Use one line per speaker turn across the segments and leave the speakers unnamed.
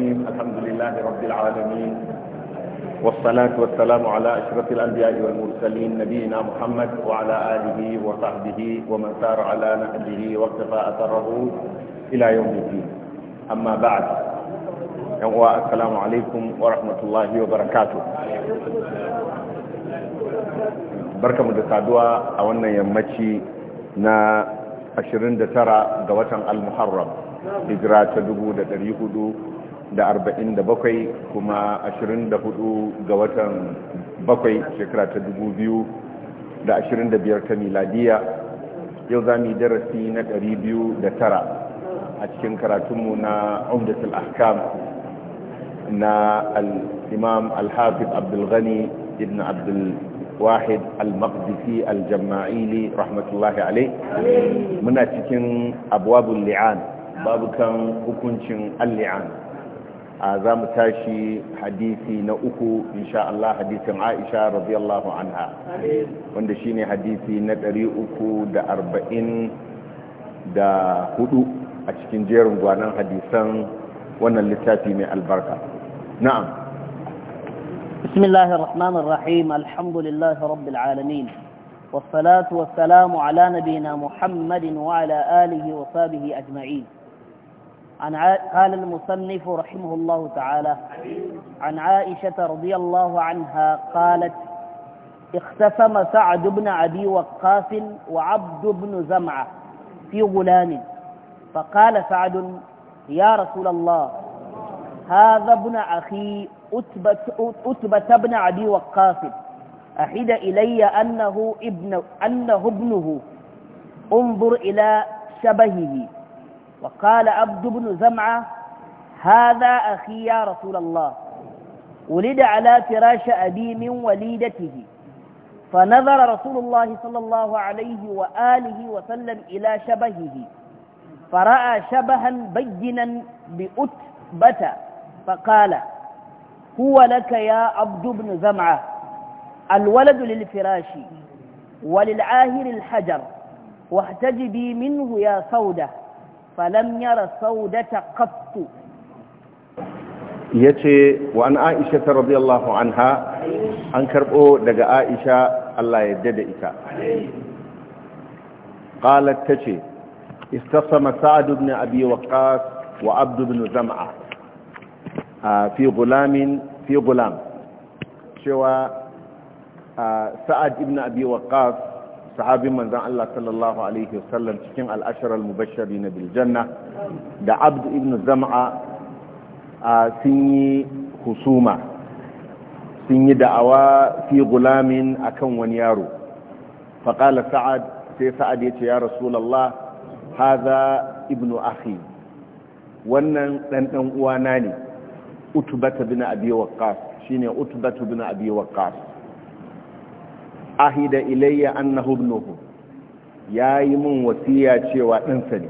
الحمد لله رب العالمين والصلاة والسلام على أشرف الأنبياء والمرسلين نبينا محمد وعلى آله وصحبه ومن سار على نهجه واقتفى أثره إلى يوم الدين أما بعد السلام عليكم ورحمة الله وبركاته بركة مدسادوة أولنا يمتي na 29 ga watan al-muharram hijira ta 1400 da arba'in da bakwai kuma ashirin da hudu ga watan bakwai shekara ta dubu biyu da ashirin da biyar ta miladiya yau za mu yi darasi na ɗari biyu da tara a cikin karatunmu na umdatul ahkam na al-imam al-hafiz abdulghani ibn abdul wahid al-maqdisi al jamma'ili rahmatullahi alai muna cikin abuwa li'an babu kan hukuncin al-li'an za mu tashi hadisi na uku insha Allah hadisin Aisha radiyallahu anha wanda shine hadisi na ɗari uku da da arba'in 344 a cikin jerin gwanan hadisan wannan littafi mai albarka na'am
bismillahir rahmanir rahim alhamdulillahi rabbil ala nabina muhammadin wa ala alihi wa sahbihi ajma'in عن قال المصنف رحمه الله تعالى عن عائشة رضي الله عنها قالت اختسم سعد بن أبي وقاص وعبد بن زمعة في غلام فقال سعد يا رسول الله هذا ابن أخي أتبة, أتبة بن أبي وقاص أحد إلي أنه, ابن أنه ابنه انظر إلى شبهه وقال عبد بن زمعة هذا أخي يا رسول الله ولد على فراش أبي من وليدته فنظر رسول الله صلى الله عليه وآله وسلم إلى شبهه فرأى شبها بينا بأتبة فقال هو لك يا عبد بن زمعة الولد للفراش وللعاهر الحجر واحتجبي منه يا سودة falam yara saudata qattu
yace wa an aisha radiyallahu anha an karbo daga aisha Allah ya yarda da ita qalat tace istasama sa'd ibn abi waqqas wa abd ibn zam'a fi gulamin fi gulam cewa sa'ad ibn abi waqqas sahabin manzan Allah sallallahu alaihi wasallam cikin al'ashar al-mubashari na biljanna da abd ibn zama sun yi husuma sun yi da'awa fi gulamin akan wani yaro faƙala sa'ad sai sa'ad ya ce ya rasulallah haza ibn akhi wannan ɗanɗan uwana ne utubata bin abi waqqas shine utubatu bin abi ahida ilayya annahu ibnuhu yayi mun wasiya cewa ɗansa ne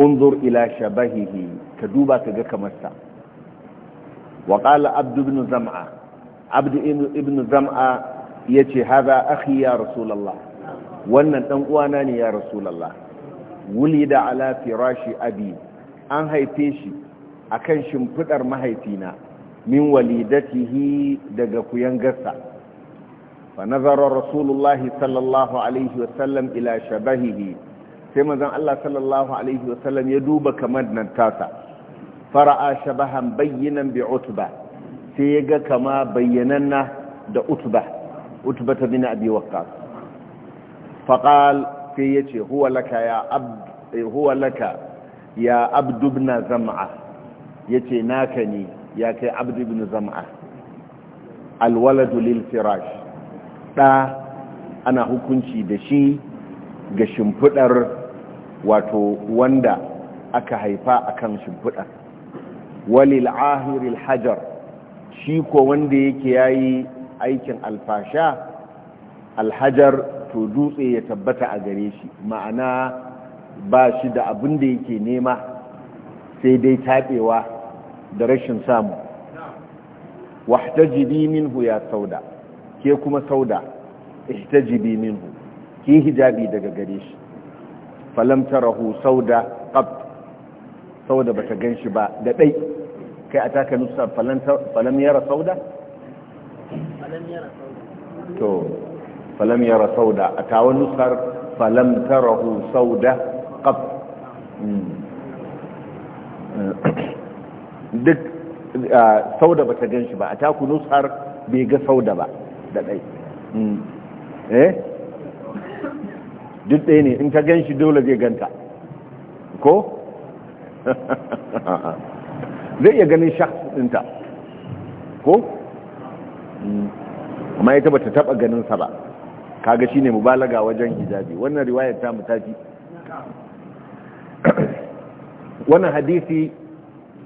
unzur ila shabahihi ka duba kaga kamar sa wa qala abd ibn zam'a abd ibn zam'a yace hada akhi ya rasulullah wannan dan uwana ne ya rasulullah wulida ala firashi abi an haife shi akan shimfidar mahaifina min walidatihi daga kuyangarsa فنظر رسول الله صلى الله عليه وسلم إلى شبهه كما ذن الله صلى الله عليه وسلم يدوب كمان ننتاسا فرأى شبها بينا بعتبة سيجا كما بيننا دا أتبة أتبة بن أبي وقاص فقال سيجي هو لك يا عبد هو لك يا عبد بن زمعة يجي ناكني يا كي عبد بن زمعة الولد للفراش ɗa ana hukunci da shi ga shimfiɗar wato wanda aka haifa a kan shimfiɗar walil ahiril hajar shi ko wanda yake yayi aikin alfasha alhajar to dutse ya tabbata a gare shi ma'ana ba shi da abin da yake nema sai dai taɓewa da rashin samu wahtajibi minhu ya sauda ke kuma sauda jibi minhu ki hijabi daga gare shi falam tarahu sauda qab sauda bata ganshi ba da dai kai taka nusa falam falam yara sauda falam yara sauda a falam yara nusar falam tarahu sauda qab hmm. duk sauda bata ganshi ba a taku nusar bai ga sauda ba da ɗai eh duk ɗaya ne in ka gan shi dole zai ganta ko zai iya ganin shaks ɗinta ko amma ya taba ta taba ganinsa ba kaga shi mu mubalaga wajen hijabi wannan riwayar ta mutafi wannan hadisi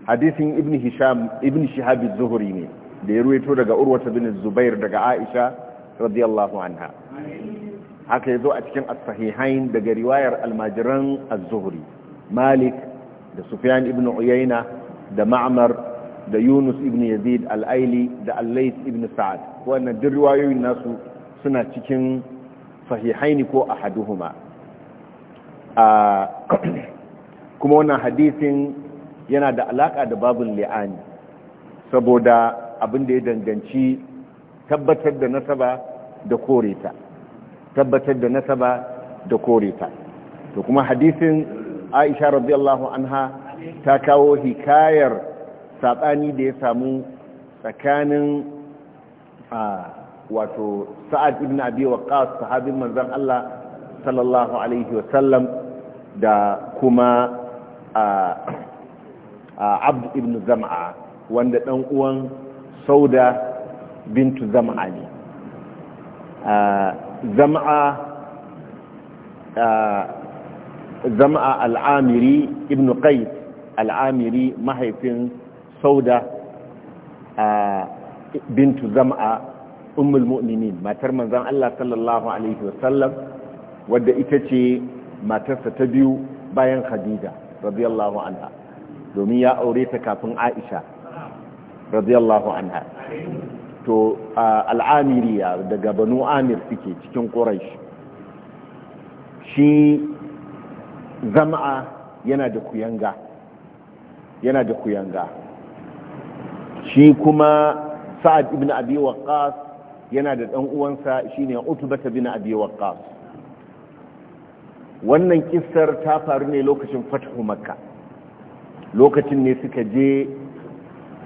hadisin ibn hisham ibn shihab az-zuhri ne da ya ruwaito daga urwata bin zubair daga aisha radiyallahu anha haka ya zo a cikin asahihain sahihain daga riwayar almajiran az malik da sufyan ibn uyayna da ma'mar da yunus ibn yazid al-aili da al-layth ibn sa'ad wannan duk riwayoyin nasu suna cikin sahihaini ko ahaduhuma kuma wannan hadisin yana da alaka da babun li'ani saboda abin da ya danganci tabbatar da nasaba da kore ta tabbatar da nasaba da kore ta to kuma hadisin Aisha radiyallahu anha ta kawo hikayar sabani da ya samu tsakanin wato Sa'ad ibn Abi Waqqas sahabin manzon Allah sallallahu alaihi sallam da kuma Abd ibn Zam'a wanda dan uwan sauda bintu zama'a ne zama'a zama'a al'amiri ibn qais al'amiri mahaifin sauda bintu zama'a ummul mu'minin matar manzon Allah sallallahu alaihi wasallam wadda ita ce matarsa ta biyu bayan khadija radiyallahu anha domin ya aure ta kafin aisha radiyallahu anha to al'amiriya daga banu amir suke cikin ƙuraish shi zama'a yana da kuyanga yana da kuyanga shi kuma sa'ad ibn abi waqqas yana da dan uwansa shine utbata bin abi waqqas wannan kissar ta faru ne lokacin fathu makka lokacin ne suka je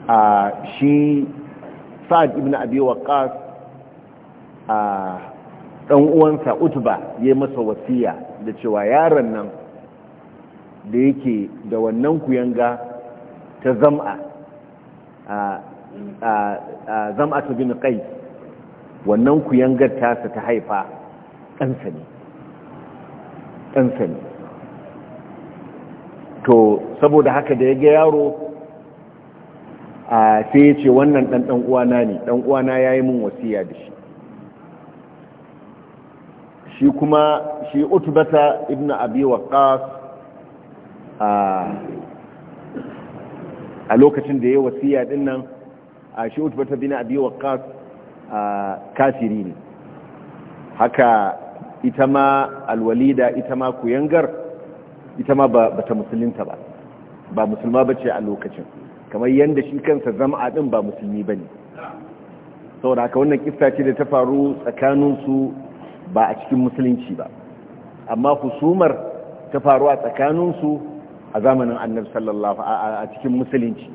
a shi sa'ad ibn abi waqqas a dan uwansa utba ya masa wasiya da cewa yaron nan da yake da wannan kuyanga ta zam'a a zam'a ta bin qais wannan kuyangar tasa ta haifa ɗansa ne ɗansa ne to saboda haka da ya ga yaro a sai ya ce wannan ɗan ɗan uwana ne ɗan uwana ya yi min wasiya da shi shi kuma shi utubata ibn abi waqas a lokacin da ya wasiya din nan a shi utubata bin abi waqas kafiri ne haka ita ma alwalida ita ma kuyangar ita ma ba ta musulunta ba ba musulma bace ce a lokacin kamar yadda shi kansa zama din ba musulmi ba ne haka wannan kista ce da ta faru tsakaninsu ba a cikin musulunci ba amma husumar ta faru a tsakaninsu a zamanin annar sallallahu a cikin musulunci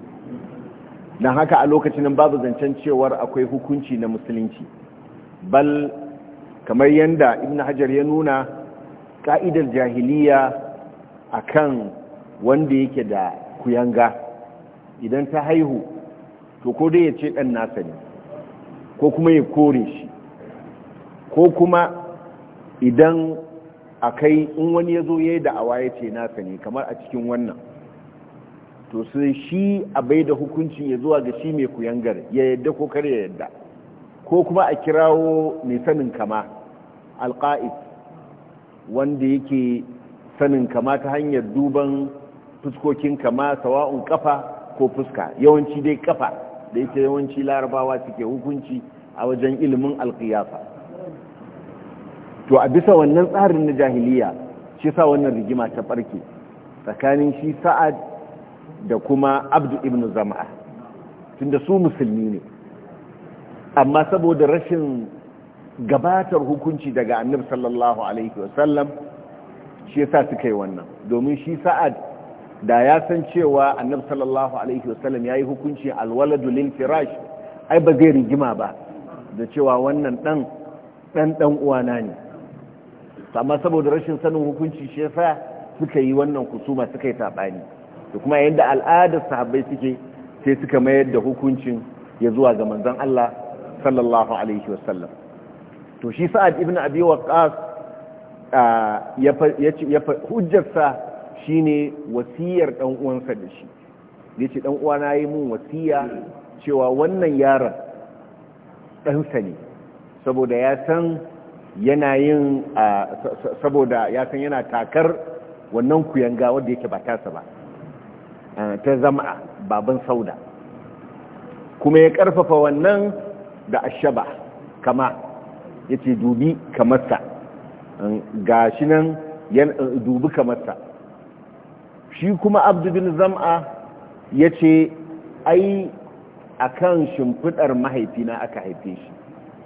don haka a lokacin babu zancen cewar akwai hukunci na musulunci bal kamar yadda ibn hajar ya nuna ka'idar jahiliya a kan wanda yake da kuyanga idan ta haihu to ko dai ya ce ɗan nasa ne ko kuma ya kore shi ko kuma idan akai in wani ya zo ya yi da'awa ya ce nasa ne kamar a cikin wannan to sai shi a bai da hukuncin ya zuwa ga shi mai kuyangar ya yadda ko kar ya yadda ko kuma a kirawo mai sanin kama alƙa'id wanda yake sanin kama ta hanyar duban fuskokin kama sawa'un kafa ko fuska yawanci dai kafa da ita yawanci larabawa suke hukunci a wajen ilimin alkiyafa to a bisa wannan tsarin na jahiliya shi sa wannan rigima ta barke tsakanin shi sa'ad da kuma abdu ibn zama'a tunda su musulmi ne amma saboda rashin gabatar hukunci daga annabi sallallahu alaihi wasallam shi yasa suka yi wannan domin shi sa'ad da ya san cewa annabi sallallahu alaihi wasallam yayi hukunci alwaladu lil firash ai ba zai rigima ba da cewa wannan dan dan dan uwana ne amma saboda rashin sanin hukunci shi yasa suka yi wannan kusuma suka yi sabani da kuma yanda al'adar sahabbai suke sai suka mayar da hukuncin ya zuwa ga manzon Allah sallallahu alaihi wasallam to shi sa'ad ibn abi waqqas ya hujjarsa shine wasiyar dan uwansa da shi yace dan uwana yi mun wasiya cewa wannan yaron ɗansa ne saboda ya san yana yin saboda ya san yana takar wannan kuyanga wanda yake ba tasa ba ta zama baban sauda kuma ya karfafa wannan da ashaba kama yace dubi kamarsa ga shi nan dubi kamarsa shi kuma abdubin zam'a ya ce ai a kan shimfiɗar mahaifina aka haife shi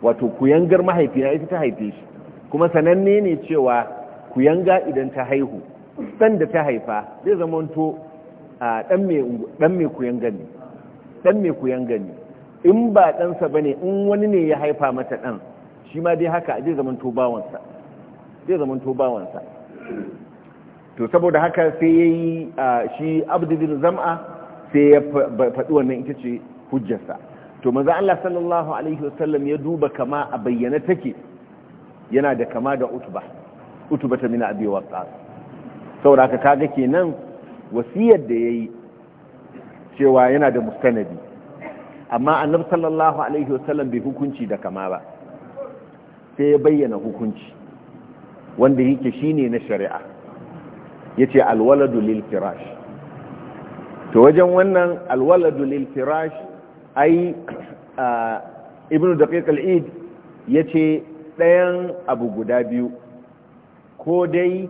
wato kuyangar mahaifina ita ta haife shi kuma sananne ne cewa kuyanga idan ta haihu ɗan da ta haifa zai zamanto ɗan mai kuyanga ne ɗan mai kuyanga ne in ba ɗansa ba ne in wani ne ya haifa mata ɗan shi ma dai haka zai zama bawansa zai zamanto bawansa to saboda haka sai ya yi shi abdullin zam'a sai ya faɗi wannan ita ce hujjarsa to maza Allah sallallahu alaihi wasallam ya duba kama a bayyana take yana da kama da utuba utuba ta mina abi waqas saboda haka kaga kenan wasiyar da ya yi cewa yana da mustanadi amma annab sallallahu alaihi wasallam bai hukunci da kama ba sai ya bayyana hukunci wanda yake ne na shari'a yace alwaladu lil firash to wajen wannan alwaladu lil firash ai ibnu daqiq al ya yace ɗayan abu guda biyu ko dai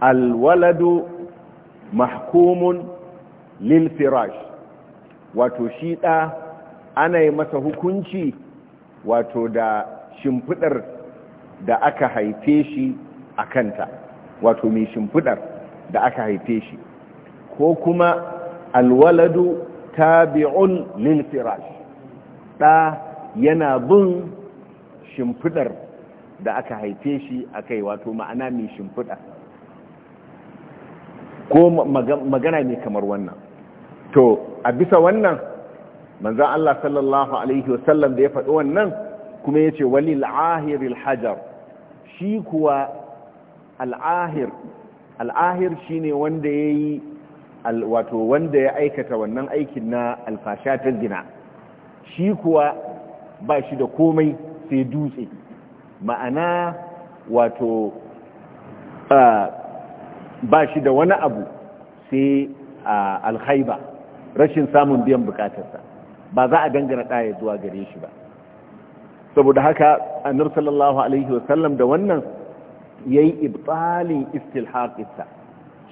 alwaladu mahkumun lil firash wato shi ɗa ana yi masa hukunci wato da shimfiɗar da aka haife shi a kanta wato mai shimfiɗar. da aka haife shi ko kuma alwaladu tabi'un lil firash da yana bin shimfidar da aka haife shi akai wato ma'ana mai shimfida ko magana ne kamar wannan to a bisa wannan manzan Allah sallallahu alaihi wasallam da ya faɗi wannan kuma ya ce walil hajar shi kuwa al'ahir al'ahir shi ne wanda ya yi wato wanda ya aikata wannan aikin na alfasha ta zina shi kuwa ba shi da komai sai dutse ma'ana wato ba shi da wani abu sai alhaiba rashin samun biyan bukatarsa ba za a dangana ɗaya zuwa gare shi ba saboda haka annar sallallahu alaihi wasallam da wannan ya yi ibtalin istilhaƙinsa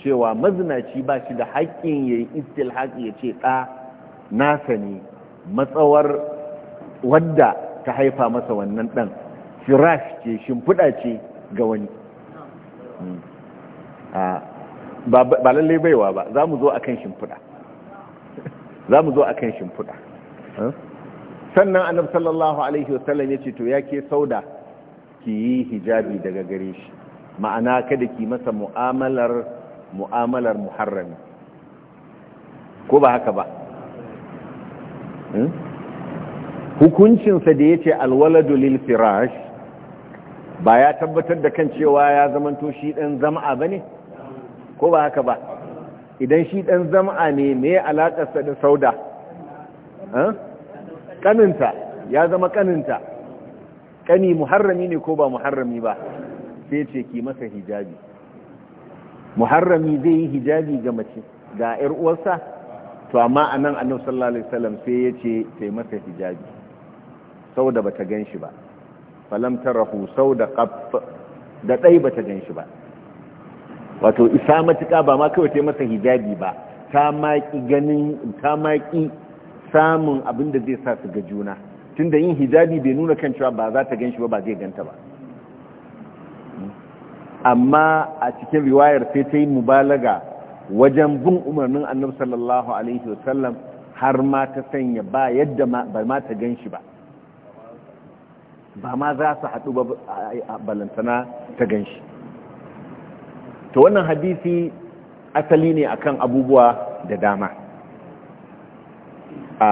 cewa mazinaci ba shi da haƙƙin ya yi istilhaƙi ya ce ɗa nasa ne matsawar wadda ta haifa masa wannan ɗan firash ce shimfiɗa ce ga wani hmm. ah, ba lalle baiwa ba za mu zo a kan shimfiɗa za mu zo a kan shimfiɗa hmm? sannan annab sallallahu alaihi wasallam ya ce to ya ke sauda ki yi hijabi daga gare shi ma'ana kada ki masa mu'amalar mu'amalar muharrami ko ba haka ba hmm? hukuncinsa da ya ce alwaladu lil firash ba ya tabbatar da kan cewa ya zamanto shi ɗan zama ba ne ko ba haka ba idan shi ɗan zama ne me alaƙarsa da sauda hmm? ƙaninta ya zama ƙaninta ƙani muharrami ne ko ba muharrami ba sai ce ki masa hijabi muharrami zai yi hijabi ga mace ga yar uwarsa to amma nan annabi sallallahu alaihi wasallam sai ya ce sai masa hijabi da bata ganshi ba falam tarahu sauda qaff da dai bata ganshi ba wato isa matuƙa ba ma kawai sai masa hijabi ba ta maki ganin ta maki samun abin da zai sa su ga juna tunda yin hijabi bai nuna kan cewa ba za ta ganshi ba ba zai ganta ba amma a cikin riwayar sai ta yi mubalaga wajen bin umarnin annabi sallallahu alaihi wasallam har ma ta sanya ba yadda ba ma ta gan shi ba ba ma za su haɗu ba a balantana ta gan shi to wannan hadisi asali ne akan abubuwa da dama a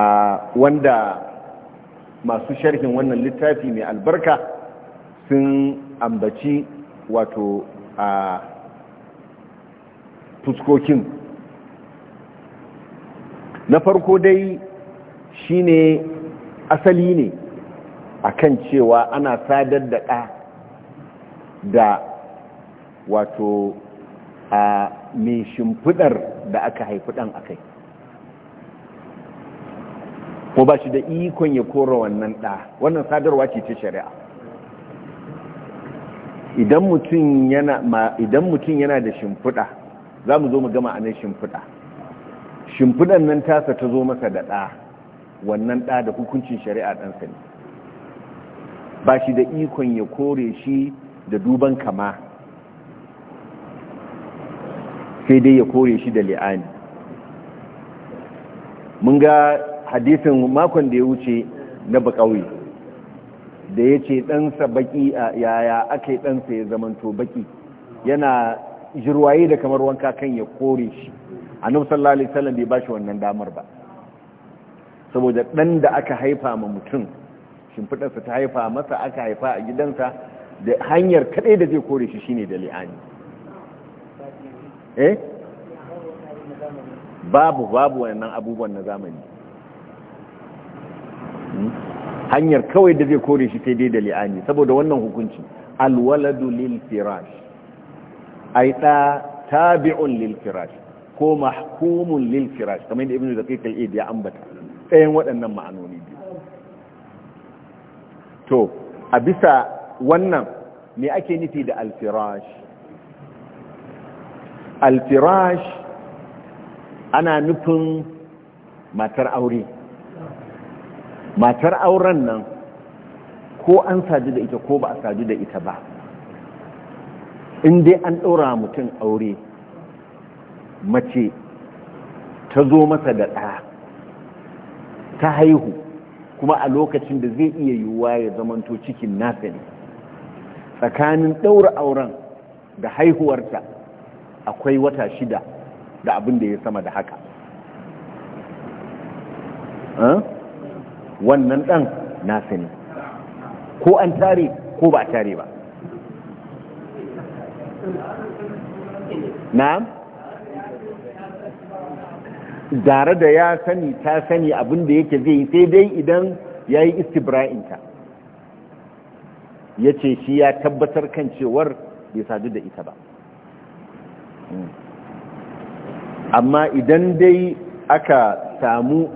wanda masu sharhin wannan littafi mai albarka sun ambaci wato a fuskokin na farko dai shine asali ne akan cewa ana sadar da ɗa da wato a mai shimfidar da aka haifi ɗan akai ko ba shi da ikon ya kora wannan ɗa wannan sadarwa ce ta shari'a idan mutum yana da shimfiɗa za mu zo mu gama a nan shimfiɗa shimfiɗan nan tasa ta zo masa da ɗa wannan ɗa da hukuncin shari'a ɗansa ne ba shi da ikon ya kore shi da duban kama sai dai ya kore shi da li'ani mun ga hadisin makon da ya wuce na ƙauye. da ya ce ɗansa baƙi a yaya aka yi ɗansa ya zamanto baƙi yana jirwaye da kamar wanka kan ya kore shi a sallallahu alaihi bai ba shi wannan damar ba saboda ɗan da aka haifa ma mutum shimfiɗarsa ta haifa masa aka haifa a gidansa da hanyar kaɗai da zai kore shi shine da li'ani eh babu babu wannan abubuwan na zamani hmm? hanyar kawai da zai kore shi sai da li'ani saboda wannan hukunci alwaladu lil firash ai da tabi'un lil firash ko mahkumun lil firash kamar yadda ibnu zakiy al-id ya ambata waɗannan ma'anoni biyu to a bisa wannan me ake nufi da al-firash al-firash ana nufin matar aure matar auren nan ko an sadu da ita ko ba a sadu da ita ba in dai an ɗora mutum aure mace ta zo masa da ɗa ta haihu kuma a lokacin da zai iya yiwuwa ya zamanto cikin nasa ne tsakanin ɗaura auren da haihuwarta akwai wata shida da abin da ya sama da haka wannan ɗan nasu ne ko an tare ko ba a tare ba na'am dare da ya sani ta sani abin da yake zai sai dai idan ya yi istibra'inta ya ce shi ya tabbatar kan cewar bai sadu da ita ba amma idan dai aka samu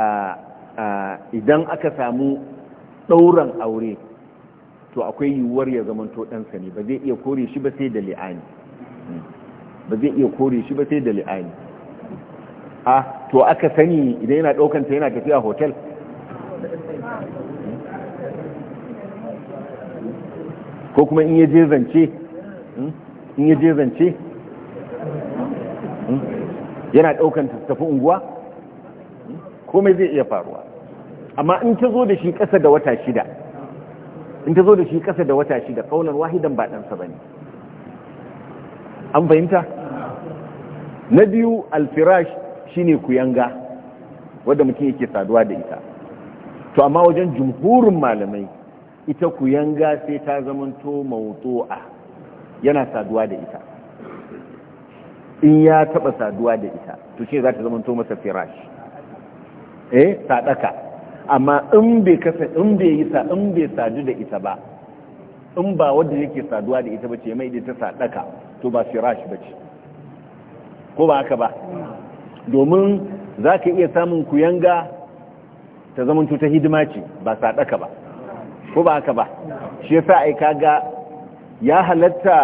a idan aka samu ɗauran aure to akwai yiwuwar ya to ɗansa ne ba zai iya kore shi ba sai da li'ani ba zai iya kore shi ba sai da li'ani a to aka sani idan yana ɗaukanta yana tafiya hotel ko kuma in yaje zance in yaje zance yana ɗaukanta tafi unguwa komai zai iya faruwa amma in ta zo da shi ƙasa da wata shida in ta zo da shi ƙasa da wata shida ƙaunar wahidan ba ɗansa ba ne an fahimta na biyu alfirash shi shine kuyanga wadda mutum yake saduwa da ita to amma wajen jumhurin malamai ita kuyanga sai ta zamanto mawuto'a yana saduwa da ita in ya taɓa saduwa da ita to shi za ta zamanto masa firash eh sadaka amma in bai kasa in bai yi sa in bai sadu da ita ba in ba wanda yake saduwa da ita bace mai da ta sadaka to ba ba bace ko ba haka ba domin zaka iya samun kuyanga ta zaman ta hidima ce ba sadaka ba ko ba haka ba shi yasa ai kaga ya halatta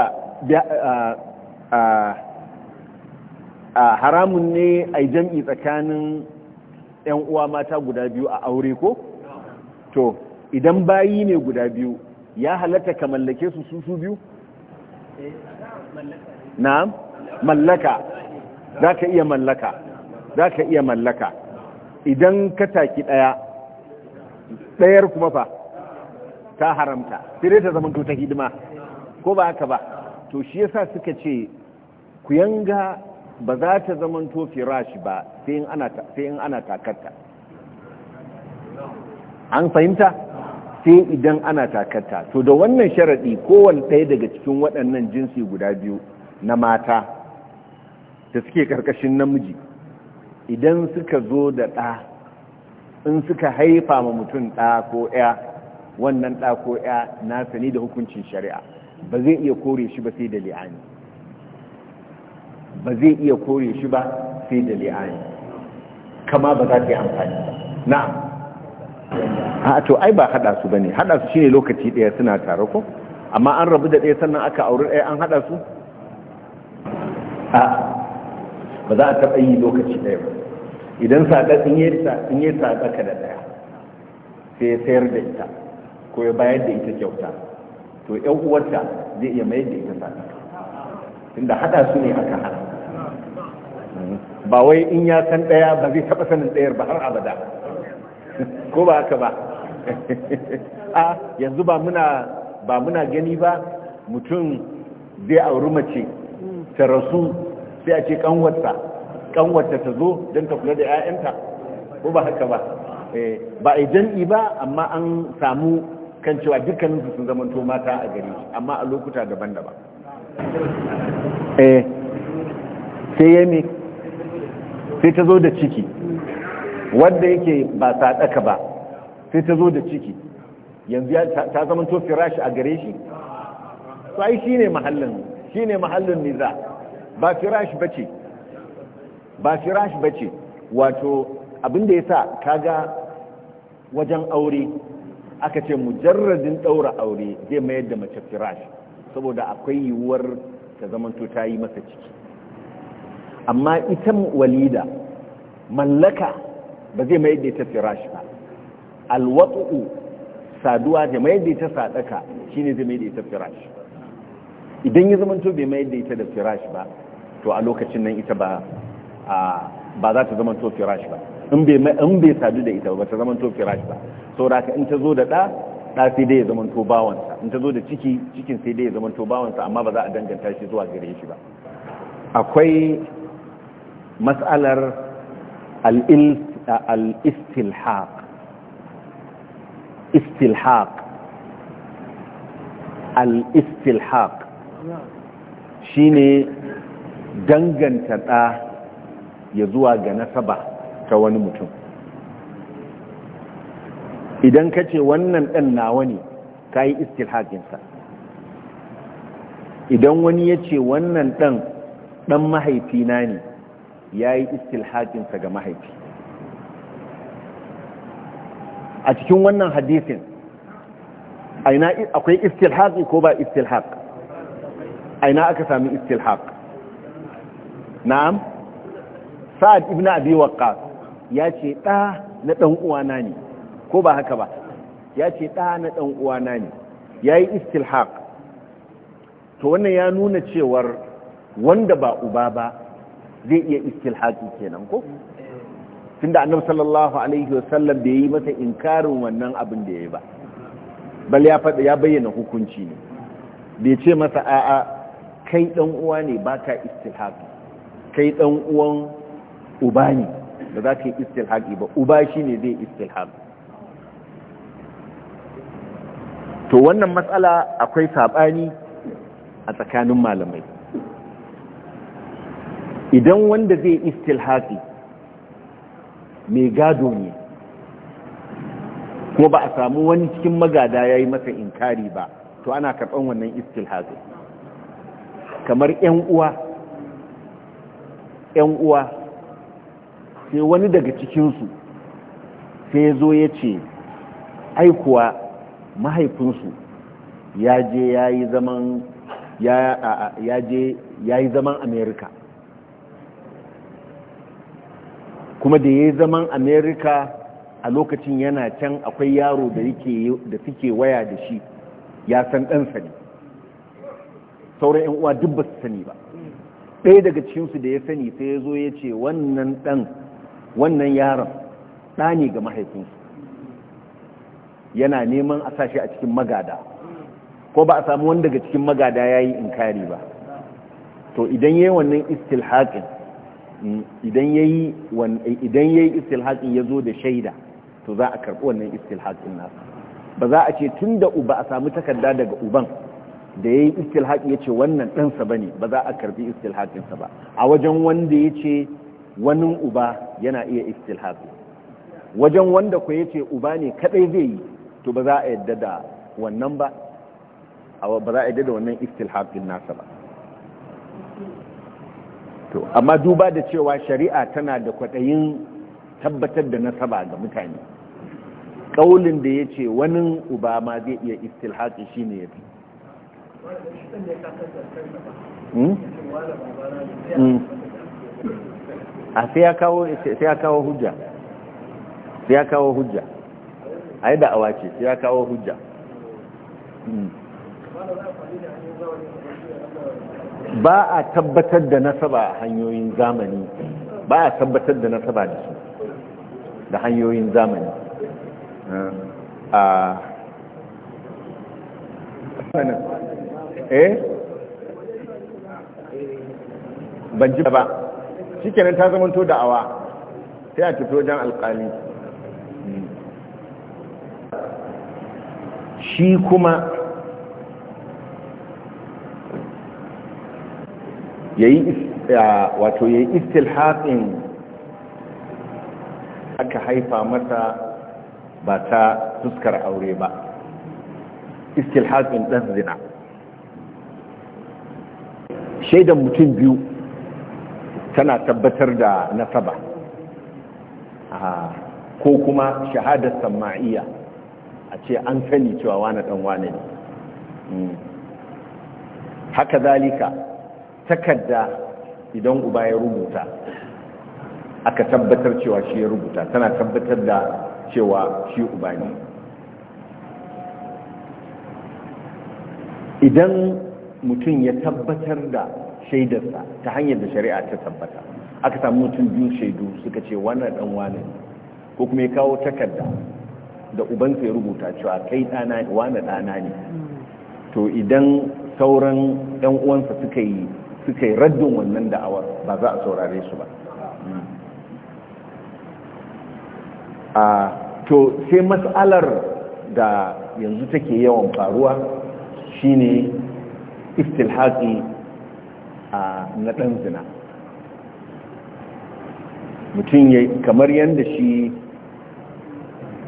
haramun ne ai jam'i tsakanin 'yan uwa mata guda biyu a aure ko to idan bayi ne guda biyu ya halatta ka mallake su su su biyu na mallaka za ka iya mallaka za ka iya mallaka idan ka taki ɗaya ɗayar kuma fa ta haramta sai ta zama ta hidima ko ba haka ba to shi yasa suka ce ku yanga ba za ta zamanto firashi ba sai in ana takarta an fahimta sai idan ana takarta to da wannan sharaɗi kowane ɗaya daga cikin waɗannan jinsi guda biyu na mata da suke ƙarƙashin namiji idan suka zo da ɗa in suka haifa ma mutum ɗa ko ɗaya wannan ɗa ko ɗaya na sani da hukuncin shari'a ba zai iya kore shi ba sai da li'ani ba zai iya kore shi ba sai da li'ayi kama ba za ta yi amfani ba na'am a to ai ba hada su bane hada su shine lokaci daya suna tare ko amma an rabu da daya sannan aka auri daya an hada su a ba za a taɓa yi lokaci daya ba idan saƙa in yi in ka da daya sai ya sayar da ita ko ya bayar da ita kyauta to yan uwarta zai iya mayar da ita sadaka tunda hada su ne aka hada ba wai in ya san daya ba zai taba sanin dayar ba har abada ko ba haka ba a yanzu ba muna ba muna gani ba mutum zai auri mace ta rasu sai a ce kanwarta kanwarta ta zo don ta kula da 'ya'yanta ko ba haka ba eh, ba a jan'i ba amma an samu kan cewa dukkaninsu sun zamanto mata a gari amma a lokuta daban-daban eh, sai ya sai ta zo da ciki wanda yake ba sadaka ba sai ta zo da ciki yanzu ta zama to firashi a gare shi to ai shine mahallin shine mahallin niza ba firashi bace ba firashi bace wato abinda yasa kaga wajen aure aka ce mujarradin daura aure zai mayar da mace firashi saboda akwai yiwuwar ta zamanto ta yi masa ciki amma ita walida mallaka ba zai mai da ta firash ba alwatu saduwa da mai da ta sadaka shine zai mai da ta firash idan ya zama to bai mai da ita da firash ba to a lokacin nan ita ba ba za ta zama to firash ba in bai sadu da ita ba ta zama to firash ba saboda in ta zo da ɗa ɗa sai dai ya zama to bawansa in ta zo da ciki cikin sai dai ya zama to bawansa amma ba za a danganta shi zuwa gare shi ba akwai Matsalar al-istilhaq istilhaq al’istilhaq shi ne danganta ɗa ya zuwa ga nasaba ta wani mutum idan ka ce wannan ɗan nawa ne ka yi istilhakinsa idan wani ya ce wannan ɗan ɗan mahaifina ne ya yi istilhakinsa ga mahaifi a cikin wannan hadisin aina akwai istilhaki ko ba istilhaq aina aka sami istilhaq na'am sa'ad ibn abi waqqas ya ce ɗa na ɗan uwana ne ko ba haka ba ya ce ɗa na ɗan uwana ne ya yi istilhaq to wannan ya nuna cewar wanda ba uba ba zai iya iskil istilhaki kenan ko tunda annabi sallallahu alaihi wasallam bai yi masa karin wannan abin da ya yi ba bal ya faɗa ya bayyana hukunci ne bai ce masa a'a kai ɗan uwa ne ba iskil haƙi kai ɗan uwan uba ne ba za ka yi haƙi ba uba shi ne zai iskil haƙi to wannan matsala akwai saɓani a tsakanin malamai idan wanda zai istilhafi mai gado ne Ko ba a samu wani cikin magada ya yi masa inkari ba to ana karɓan wannan istilhafi kamar 'yan uwa 'yan uwa sai wani daga cikinsu sai ya zo ya ce aikuwa mahaifinsu ya ya je ya yi zaman amerika kuma da ya yi zaman america a lokacin yana can akwai yaro da suke waya da shi ya san ɗansa ne sauran 'yan uwa duk ba su sani ba ɗaya daga cikinsu da ya sani sai ya zo ya ce wannan ɗan wannan yaron ɗa ne ga mahaifinsu yana neman a sashi a cikin magada ko ba a samu wani daga cikin magada ya yi inkari ba to idan yi wannan haƙin. idan yayi idan yayi ya zo da shaida to za a karbi wannan istilhaqin nasa ba za a ce tunda uba a samu takarda daga uban da yayi ya ce wannan dan sa bane ba za a karbi istilhaqin ba a wajen wanda ya ce wani uba yana iya istilhaqi wajen wanda ku ce uba ne kadai zai yi to ba za a yadda da wannan ba ba a yadda wannan istilhaqin nasa ba to amma duba da cewa shari'a tana da kwaɗayin tabbatar da nasaba ga mutane ƙaunin da ya ce wani uba ma zai iya istilhaƙi shi ne ya fi hmm? Hmm. a sai ya kawo hujja sai ya kawo hujja a yi awa ce sai ya kawo hujja hmm. ba a tabbatar da nasaba a hanyoyin zamani ba a tabbatar da nasaba da su da hanyoyin zamani a eh ban ji ba shi kenan ta zamanto da awa sai a tafi wajen alkali shi kuma yayi wato yayi istilhaqin aka haifa mata ba ta fuskar aure ba istilhaqin ɗan zina shaidan mutum biyu tana tabbatar da nasaba ko kuma shahadar sama'iyya a ce an sani cewa wane dan wane ne hmm. haka zalika takarda idan uba ya rubuta aka tabbatar cewa shi ya rubuta tana tabbatar da cewa shi uba ne idan mutum ya tabbatar da shaidarsa ta hanyar da shari'a ta tabbata aka samu mutum biyu shaidu suka ce wannan dan wane ko kuma ya kawo takarda da ubansa ya rubuta cewa kai wane dana ne to idan sauran 'yan uwansa suka yi suka yi raddin wannan da'awar ba za a saurare su ba a to sai matsalar da yanzu take yawan faruwa shine istilhaki na ɗan zina mutum ya kamar yadda shi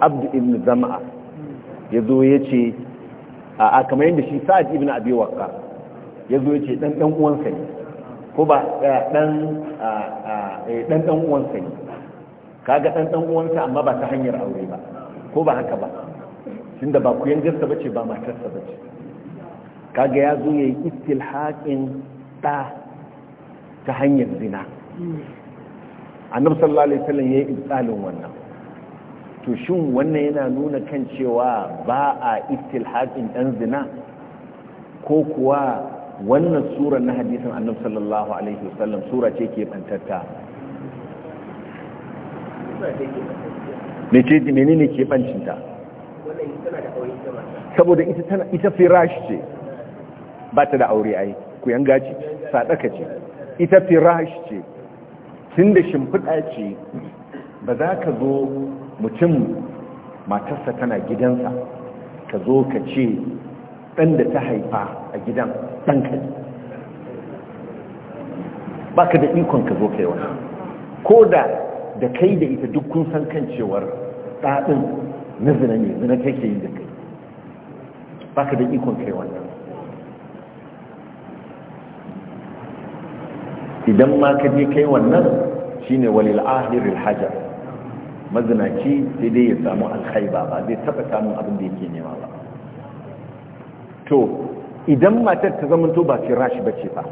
abd ibn zama'a ya zo ya ce a kamar yadda shi sa'ad ibn abi waqqas ya zo ce dan dan uwansa ne ko ba dan eh, dan eh, dan uwansa ne kaga dan dan uwansa amma ba ta hanyar aure ba ko ba haka ba tunda ba kuyan gasta bace ba matarsa bace kaga ya zo yayi istilhaqin ta ta hanyar zina annabi sallallahu alaihi wasallam yayi ibtalin wannan to shin wannan yana nuna kan cewa ba a istilhaqin dan zina ko kuwa wannan surar na hadisin annab sallallahu alaihi wasallam sura ce ke ce dimini ne ke bancinta saboda ita tana ita firash ce ba ta da aure ai ku yanga ce sadaka ce ita firash ce tunda shimfiɗa ce ba za ka zo mutum matarsa tana gidansa ka zo ka ce ɗan da ta haifa a gidan ɗanka ba ka da ikon ka zo kai wani ko da da kai da ita duk kun san kan cewar ɗaɗin na zina ne zina take yi da kai ba ka da ikon kai wannan idan ma ka je kai wannan shine walil ahiril hajjar mazinaci sai dai ya samu alkhaiba ba zai taɓa samun abin da yake nema ba to idan matar ta zamanto ba firashi ba ce ba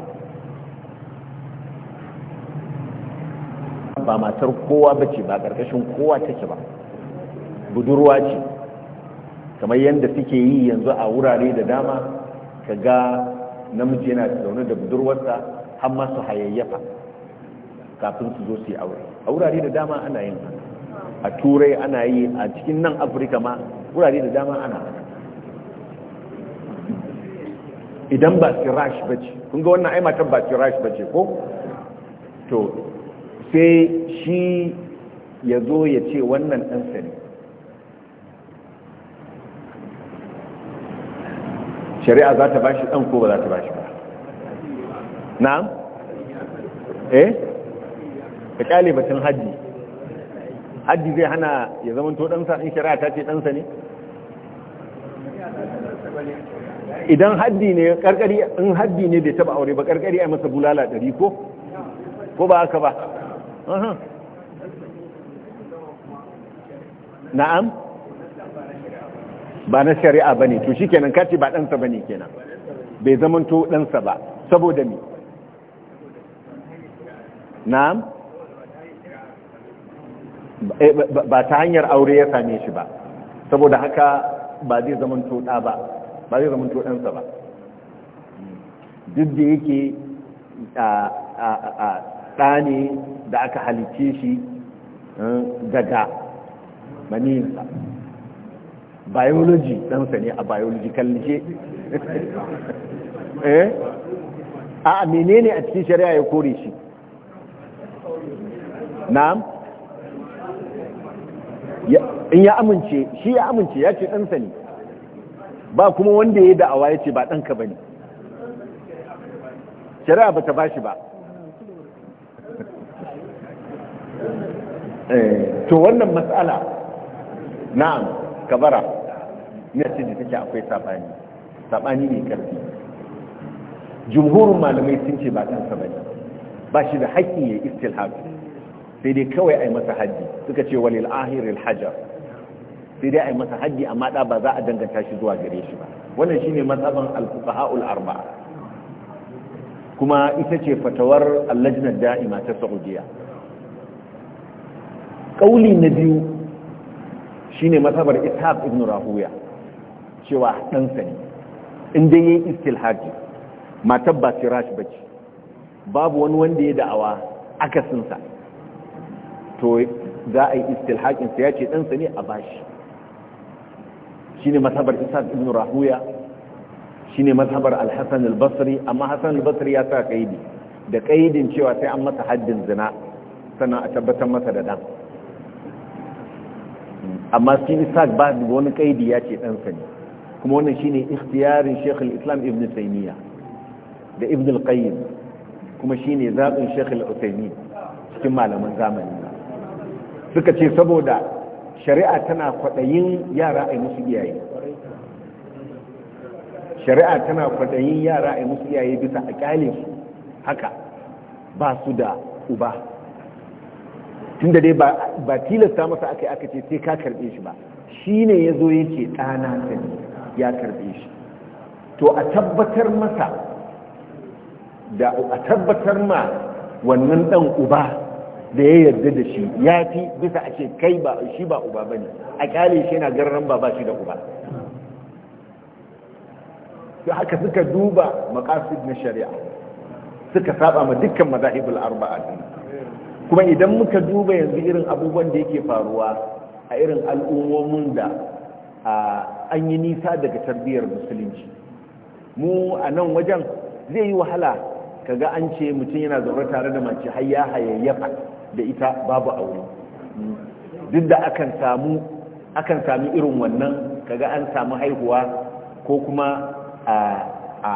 ba matar kowa ba ba ƙarƙashin kowa take ba budurwa ce kamar yadda suke yi yanzu a wurare da dama ka ga namiji yana zaune da budurwarsa har masu hayayyafa kafin su zo su yi aure a wurare da dama ana yin a turai ana yi a cikin nan afirka ma wurare da dama ana idan ba firash ba ce kun ga wannan aimatan ba firash ba ce ko to sai shi ya zo ya ce wannan ɗansa ne shari'a za ta bashi ɗan ko ba za ta bashi ba na eh da kyale batun hajji hajji zai hana ya zama to ɗansa in shari'a ta ce ɗansa ne idan haddi ne karkari in haddi ne bai taba aure ba karkari ai masa bulala ɗari ko ko ba haka ba na'am ba na shari'a bane to shikenan kace ba ɗansa bane kenan bai zamanto sa ba saboda ni na'am eh, ba ta hanyar aure ya same shi ba saboda haka ba zai zamanto da ba ba zai zama to ɗansa ba duk da yake a ne da aka halice shi eh, daga maniyinsa biology ɗansa ne a biological je eh? a amine menene a cikin shari'a ya kore shi na'am in ya amince shi ya amince ya ce ɗansa ne ba kuma wanda ya yi da'awa ya ce ba ɗanka ba ne shari'a ba ta ba shi ba eh, to wannan matsala na'am kabara ne ce da take akwai sabani sabani ne karfi jumhurin malamai sun ce ba ɗansa ba ne ba shi da haƙƙi ya istilhafi sai dai kawai a yi masa haɗi suka ce walil ahiril hajar sai dai a yi masa haddi amma da ba za a danganta shi zuwa gare shi ba wannan shine mazhaban al-fuqaha'ul arba'a kuma ita ce fatawar al-lajnah da'ima ta Saudiya kauli na biyu shine mazhabar Ishaq ibn Rahuya cewa dan sani in dai yayin istilhaji matar ba firash bace babu wani wanda ya da'awa akasinsa to za a yi istilhaƙinsa ya ce ɗansa ne a bashi shine mazhabar isa ibn rahuya shine mazhabar al-hasan al-basri amma hasan al-basri ya sa kaidi da kaidin cewa sai an masa haddin zina sannan a tabbatar masa da dan amma shi isa ba wani kaidi ya ce ɗansa ne kuma wannan shine ikhtiyarin sheikh al-islam ibn taymiya da ibn al-qayyim kuma shine zaɓin sheikh al cikin malaman zamani suka ce saboda shari'a tana kwaɗayin yara a musu iyaye shari'a tana kwaɗayin yara a musu iyaye bisa a su haka ba su da uba tun da dai ba tilasta masa aka yi aka ce sai ka karɓe shi ba shi ne ya zo ya ce ɗana ne ya karɓe shi to a tabbatar masa da a tabbatar ma wannan ɗan uba da ya yarda da shi ya fi bisa a ce kai ba shi ba uba bane a kyale shi yana garran ba ba shi da uba to haka suka duba maqasid na shari'a suka saba ma dukkan mazahibul arba'a kuma idan muka duba yanzu irin abubuwan da yake faruwa a irin al'ummomin da an yi nisa daga tarbiyyar musulunci mu a nan wajen zai yi wahala kaga an ce mutum yana zaune tare da mace har hayayyafa da ita babu aure duk da akan samu akan sami irin wannan kaga an samu haihuwa ko kuma a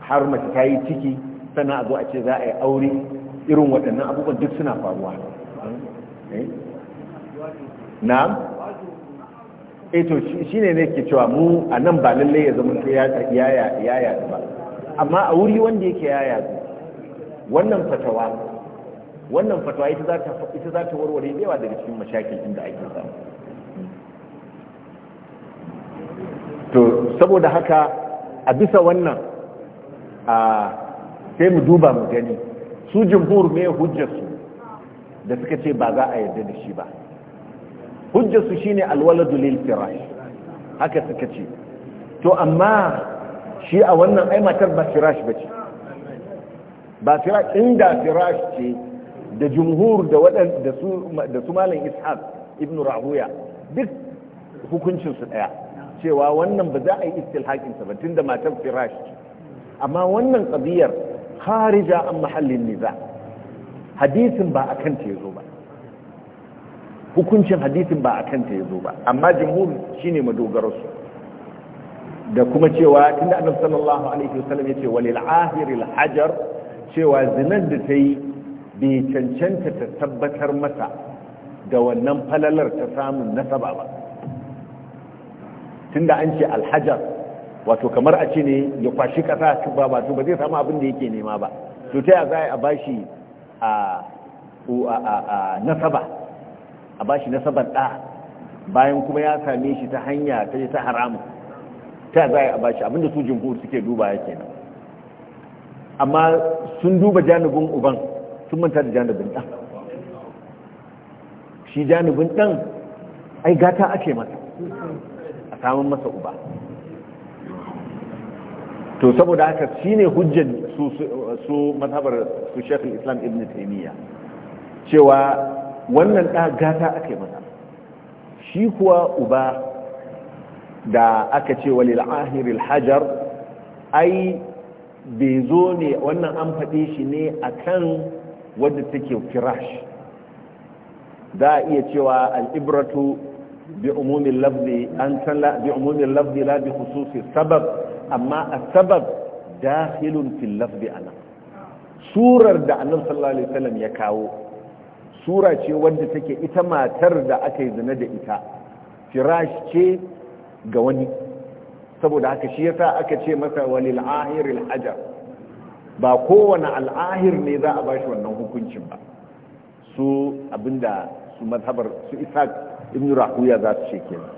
har mace ta yi ciki sannan a zo a ce za a yi aure irin waɗannan abubuwan duk suna faruwa eh? na eto eh shi ne ne ke cewa mu a nan ba lallai ya zama ya yaya ba amma a wuri wanda yake yaya wannan fatawa wannan fatwa ita za ta ita za ta warware da yawa daga cikin mashakin inda ake samu to saboda haka a bisa wannan a sai mu duba mu gani su jumhur me hujjarsu da suka ce ba za a yarda da shi ba hujjarsu shine alwaladu lil firash haka suka ce to amma shi a wannan ai matar ba firash bace ba firash inda firash ce da jumhur da da su malam ishaq ibn rahuya duk hukuncinsu ɗaya cewa wannan ba za a yi istilhakin sa ba da matan firash amma wannan qadiyar kharija an mahallin niza hadisin ba kanta ya yazo ba hukuncin hadisin ba kanta ya zo ba amma jumhur shine madogararsu da kuma cewa tunda annabi sallallahu alaihi wasallam yace walil ahiril hajar cewa zinan da ta yi bai cancanta ta tabbatar masa da wannan falalar ta samun nasaba ba tunda an ce alhajar wato kamar a ce ne ya kwashi kasa tuba ba to ba zai samu abin da yake nema ba to ta za a bashi a nasaba a bashi nasabar ɗa bayan kuma ya same shi ta hanya ta yi ta haramu ta za a bashi abinda su jimhur suke duba ya kenan amma sun duba janibin uban sun manta da janibin ɗan shi janibin ɗan ai gata ake masa a samun masa uba to saboda haka shi ne hujjar su matabar su shekul islam ibn taimiyya cewa wannan ɗa gata ake masa shi kuwa uba da aka ce wa lil'ahiril hajar ai bai zo ne wannan an faɗe shi ne akan wadda take firash za a iya cewa al'ibratu bi umumin lafzi bi la bi khususi sabab amma a sabab dakhilun fil lafzi anan surar da annabi sallallahu alaihi wasallam ya kawo sura ce wadda take ita matar da aka yi zina da ita firash ce ga wani saboda haka shi yasa aka ce masa walil ahiril hajar ba kowane al'ahir ne za a bashi wannan hukuncin ba su abinda su mazhabar su ishaq ibn rahuya za su ce kenan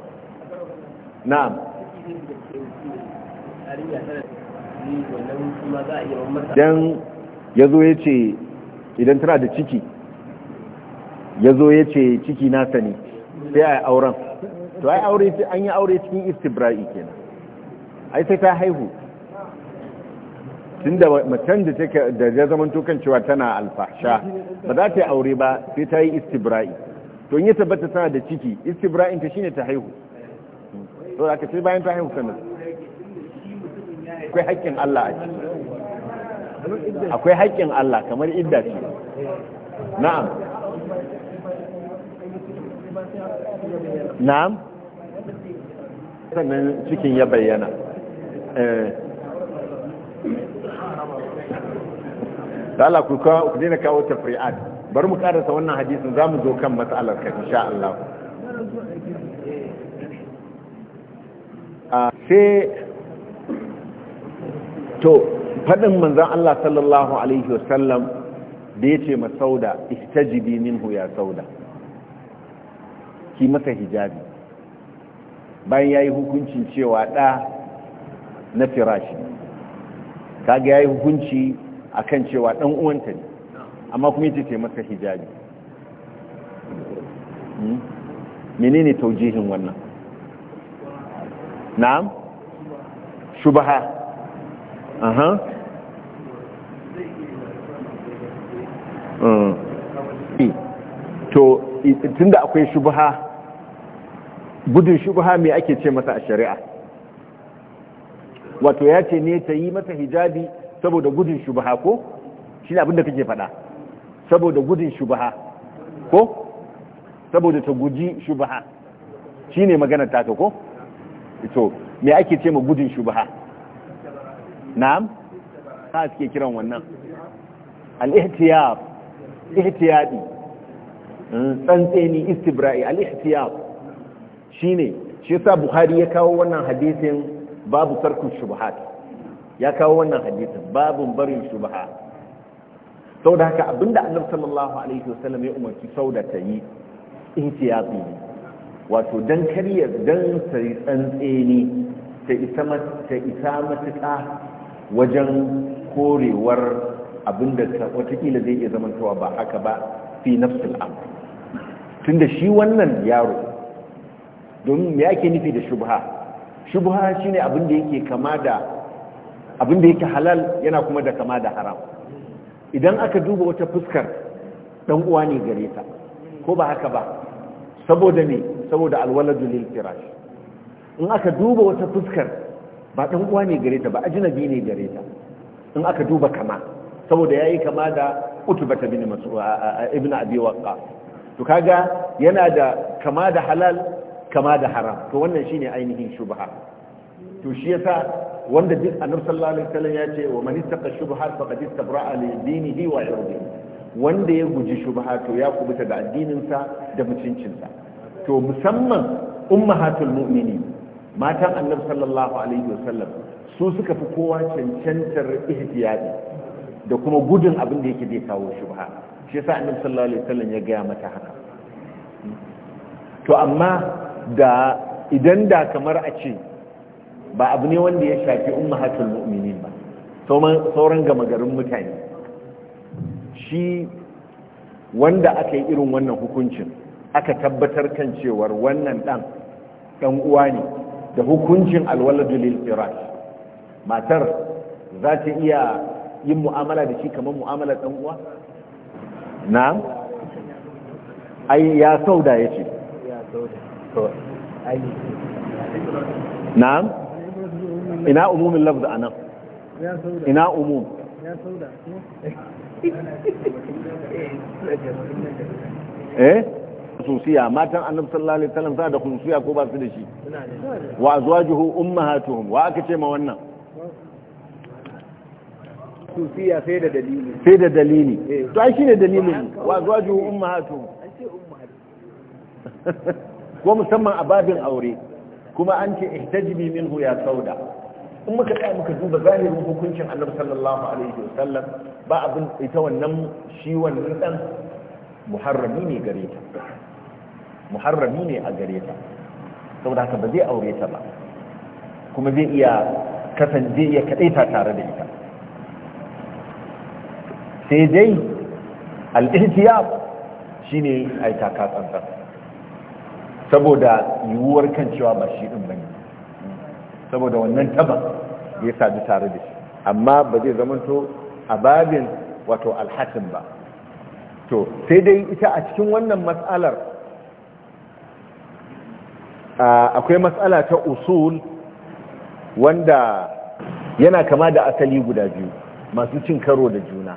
na'am dan ya zo ya ce idan tana da ciki ya zo ya ce ciki nasa ne sai a yi auren to ai aure an yi aure cikin istibra'i kenan ai sai ta haihu tun da macen da take da ya zama tukan cewa tana alfasha ba za ta yi aure ba sai ta yi istibra'i to in ya tabbata tana da ciki istibra'in ta shine ta haihu to da ce bayan ta haihu sannan akwai haƙƙin Allah
a ciki akwai
haƙƙin Allah kamar idda ce na'am na'am sannan cikin ya bayyana eh. da Allah ku kawo ku dina kawo tafri'at bari mu karasa wannan hadisin zamu zo kan matsalar ka insha Allah ah, sai to fadin manzon Allah sallallahu alaihi wasallam da yace ma sauda istajibi minhu ya sauda ki masa hijabi bayan yayi hukuncin cewa da na firashi ya yayi hukunci akan cewa dan uwanta ne amma kuma yace ce masa hijabi hmm? menene taujihin wannan na'am shubaha aha hmm. to tunda akwai shubaha gudun shubaha me ake ce masa a shari'a wato ya ce ne ta yi masa hijabi saboda gudun shubaha ko shi abin da kake faɗa saboda gudun shubaha ko saboda ta guji shubaha shi ne maganar taka ko ito me ake ce ma gudun shubaha na'am ha suke kiran wannan al-ihtiyab ihtiyabi hmm, tsantseni istibra'i al-ihtiyab shine shi sa buhari ya kawo wannan hadisin babu sarkin shubhat ya kawo wannan hadisin babu barin shubha da haka abinda annabi sallallahu alaihi wasallam ya umarci sauda ta yi ihtiyati wato dan kariya dan sai tsantseni ta isa ta isa matuƙa wajen korewar abinda wataƙila zai iya zamantawa ba haka ba fi nafsul tunda shi wannan yaro domin me yake nufi da shubha shubha shine abin da yake kama da abin da yake halal yana kuma da kama da haram idan aka duba wata fuskar dan uwa ne gare ta ko ba haka ba saboda ne saboda alwaladu lil firash in aka duba wata fuskar ba dan uwa ne gare ta ba ajnabi ne gare ta in aka duba kama saboda yayi kama da utba bin mas'ud ibn abi waqqa to kaga yana da kama da halal kama da haram to wannan shine ainihin shubha to shi yasa wanda duk annabi sallallahu alaihi wasallam ya ce wa man ittaqa shubha faqad istabra'a li dinihi wa irdihi wanda ya guji shubha to ya kubuta da addininsa da sa to musamman ummahatul mu'minin matan annabi sallallahu alaihi wasallam su suka fi kowa cancantar ihtiyadi da kuma gudun abin da yake zai kawo shubha shi yasa annabi sallallahu alaihi wasallam ya gaya mata haka to amma da idan da kamar a ce ba abu ne wanda ya shafi ummahatul mu'minin ba sauran gama garin mutane shi wanda aka yi irin wannan hukuncin aka tabbatar kan cewar wannan dan dan uwa ne da hukuncin alwaladu lil firash matar za ta iya yin mu'amala da shi kamar mu'amala dan uwa na ai ya sauda ya sauda na'am a ina eh matan annabi sallallahu alaihi wasallam suna da ko ba su da shi wa azwajuhu ummahatuhum wa aka ce ma wannan khususiya sai da dalili sai eh. to ai shine dalilin wa azwajuhu ummahatuhum ce ko musamman a babin aure kuma an ce ihtajibi minhu ya sauda in muka tsaya muka duba zahirin hukuncin annabi sallallahu alaihi wasallam ba abin ita wannan shi wannan dan muharrami ne gare ta muharrami ne a gare ta saboda haka ba zai aure ta ba kuma zai iya kasance zai iya ta tare da ita sai dai al-ihtiyab shine ai taka saboda yiwuwar kan cewa ba shi ɗin bane saboda wannan taba ya sadu tare da shi amma ba zai zamanto a babin wato alhatin ba to sai dai ita a cikin wannan matsalar akwai matsala ta usul wanda yana kama da asali guda biyu masu cin karo da juna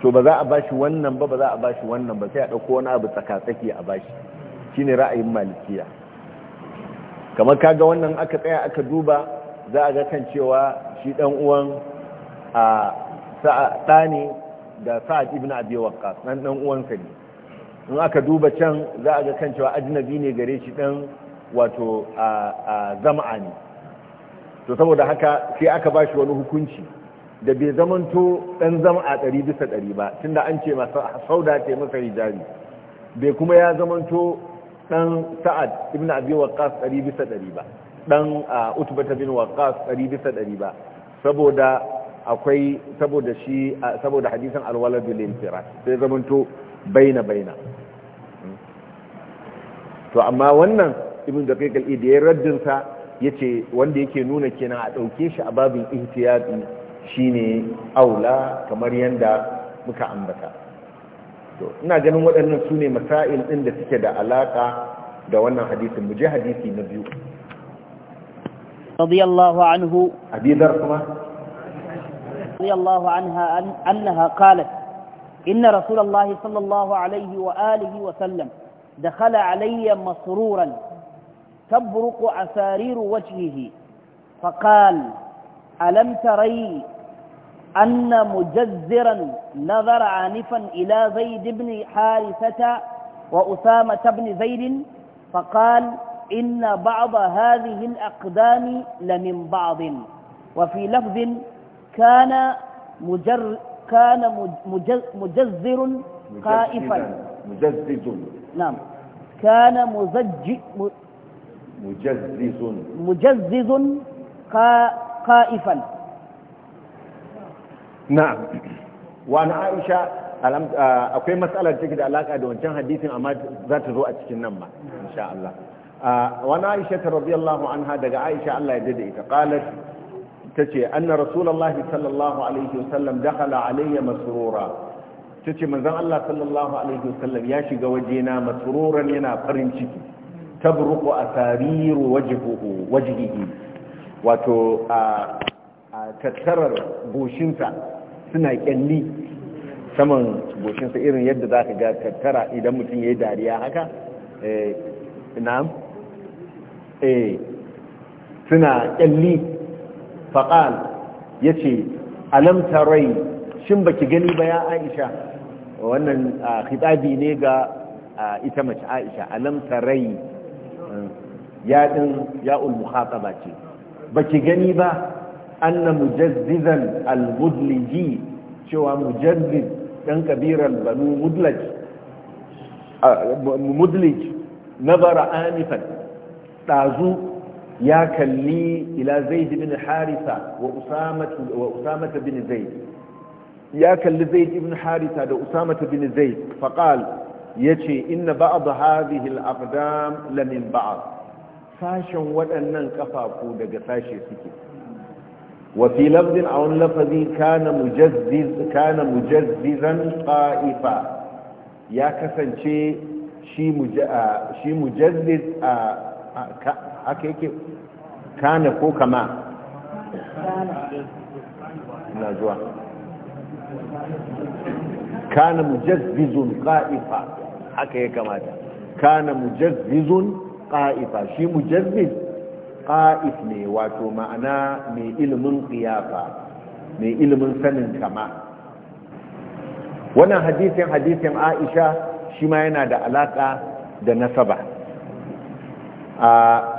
to ba za a bashi wannan ba ba za a bashi wannan ba sai a ɗauko wani abu tsakatsaki a bashi shine ra'ayin malikiya kamar kaga wannan aka tsaya aka duba za a ga kan cewa shi dan uwan a sa'a da sa'ad ibn abi waqqas dan uwan sa ne in aka duba can za a ga kan cewa ajnabi ne gare shi dan wato a zama'a ne to saboda haka sai aka bashi wani hukunci da bai zamanto dan zama'a ɗari bisa ɗari ba tunda an ce masa sauda ce masa rijali bai kuma ya zamanto dan sa'ad ibn abi waqqas 100 bisa 100 ba dan utba bin waqqas 100 bisa 100 ba saboda akwai saboda shi saboda hadisin alwalad lil infirat sai zamanto baina baina hmm. to amma wannan ibn daqiq al-idi ya raddin sa yace wanda yake nuna kenan a dauke shi a babin ihtiyadi shine aula kamar yanda muka ambata ina ganin waɗannan su ne masail ɗin da suke da alaƙa da wannan hadisin mu je hadisi na biyu
radiyallahu anhu
abidar kuma
radiyallahu anha annaha qalat inna rasulullahi sallallahu alaihi wa alihi wa sallam dakhala alayya masruran تبرق عسارير وجهه فقال ألم تري أن مجزرا نظر عنفا إلى زيد بن حارثة وأسامة بن زيد فقال إن بعض هذه الأقدام لمن بعض وفي لفظ كان مجر كان مجزر خائفا مجزز نعم كان مزج
مجزز
مجزز خائفا
na'am wa na aisha akwai matsalar ciki da alaka da wancan hadisin amma za ta zo a cikin nan ma insha Allah wa na aisha ta radiyallahu anha daga aisha Allah ya dade ita qalat tace anna rasulullahi sallallahu alaihi wasallam dakhala alayya masrura tace manzon Allah sallallahu alaihi wasallam ya shiga wajena masruran yana farin ciki tabruqu asariru wajhihi wajhihi wato a tattarar bushinsa suna kyalli saman goshinsa irin yadda za ka ga tattara idan mutum ya yi dariya haka eh, na'am eh, suna kyalli faqal yace alam rai shin baki gani ba ya Aisha wannan khitabi ne ga ita mace Aisha alam rai ya ɗin ya ul ba ce baki gani ba أن مجذذا المدلجي شو مجذذ كان كبير البنو مدلج آه، مدلج نظر آنفا تازو يا كلي إلى زيد بن حارثة وأسامة, وأسامة بن زيد يا كلي زيد بن حارثة وأسامة بن زيد فقال يتي إن بعض هذه الأقدام لمن بعض فاشن ودنا انكفى فودك فاشي سكي وفي لفظ أو لفظي كان مجزز كان مجززا قائفا يا كسن شيء شيء مج شيء مجزز هكيك كان كو كما نجوا كان مجزز قائفا هكيك كما كان مجزز قائفا شيء مجزز ƙa'if ne wato ma'ana mai ilimin ƙiyafa mai ilimin sanin kama wannan hadisin hadisin aisha shi ma yana da alaƙa da nasaba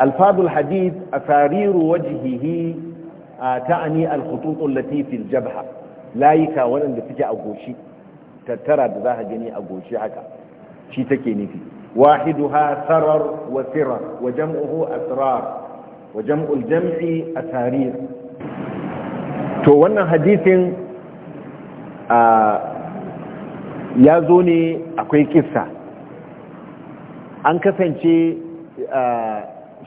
alfadul hadith a tsariru wajihihi ta'ani alkhututun latifin jabha layika waɗanda suke a goshi tattara da za a gani a goshi haka shi take nufi ha sarar wa sirar wa jam'uhu wa jam'ul jam'i a tarihi. to wannan hadisin ya zo ne akwai kissa an kasance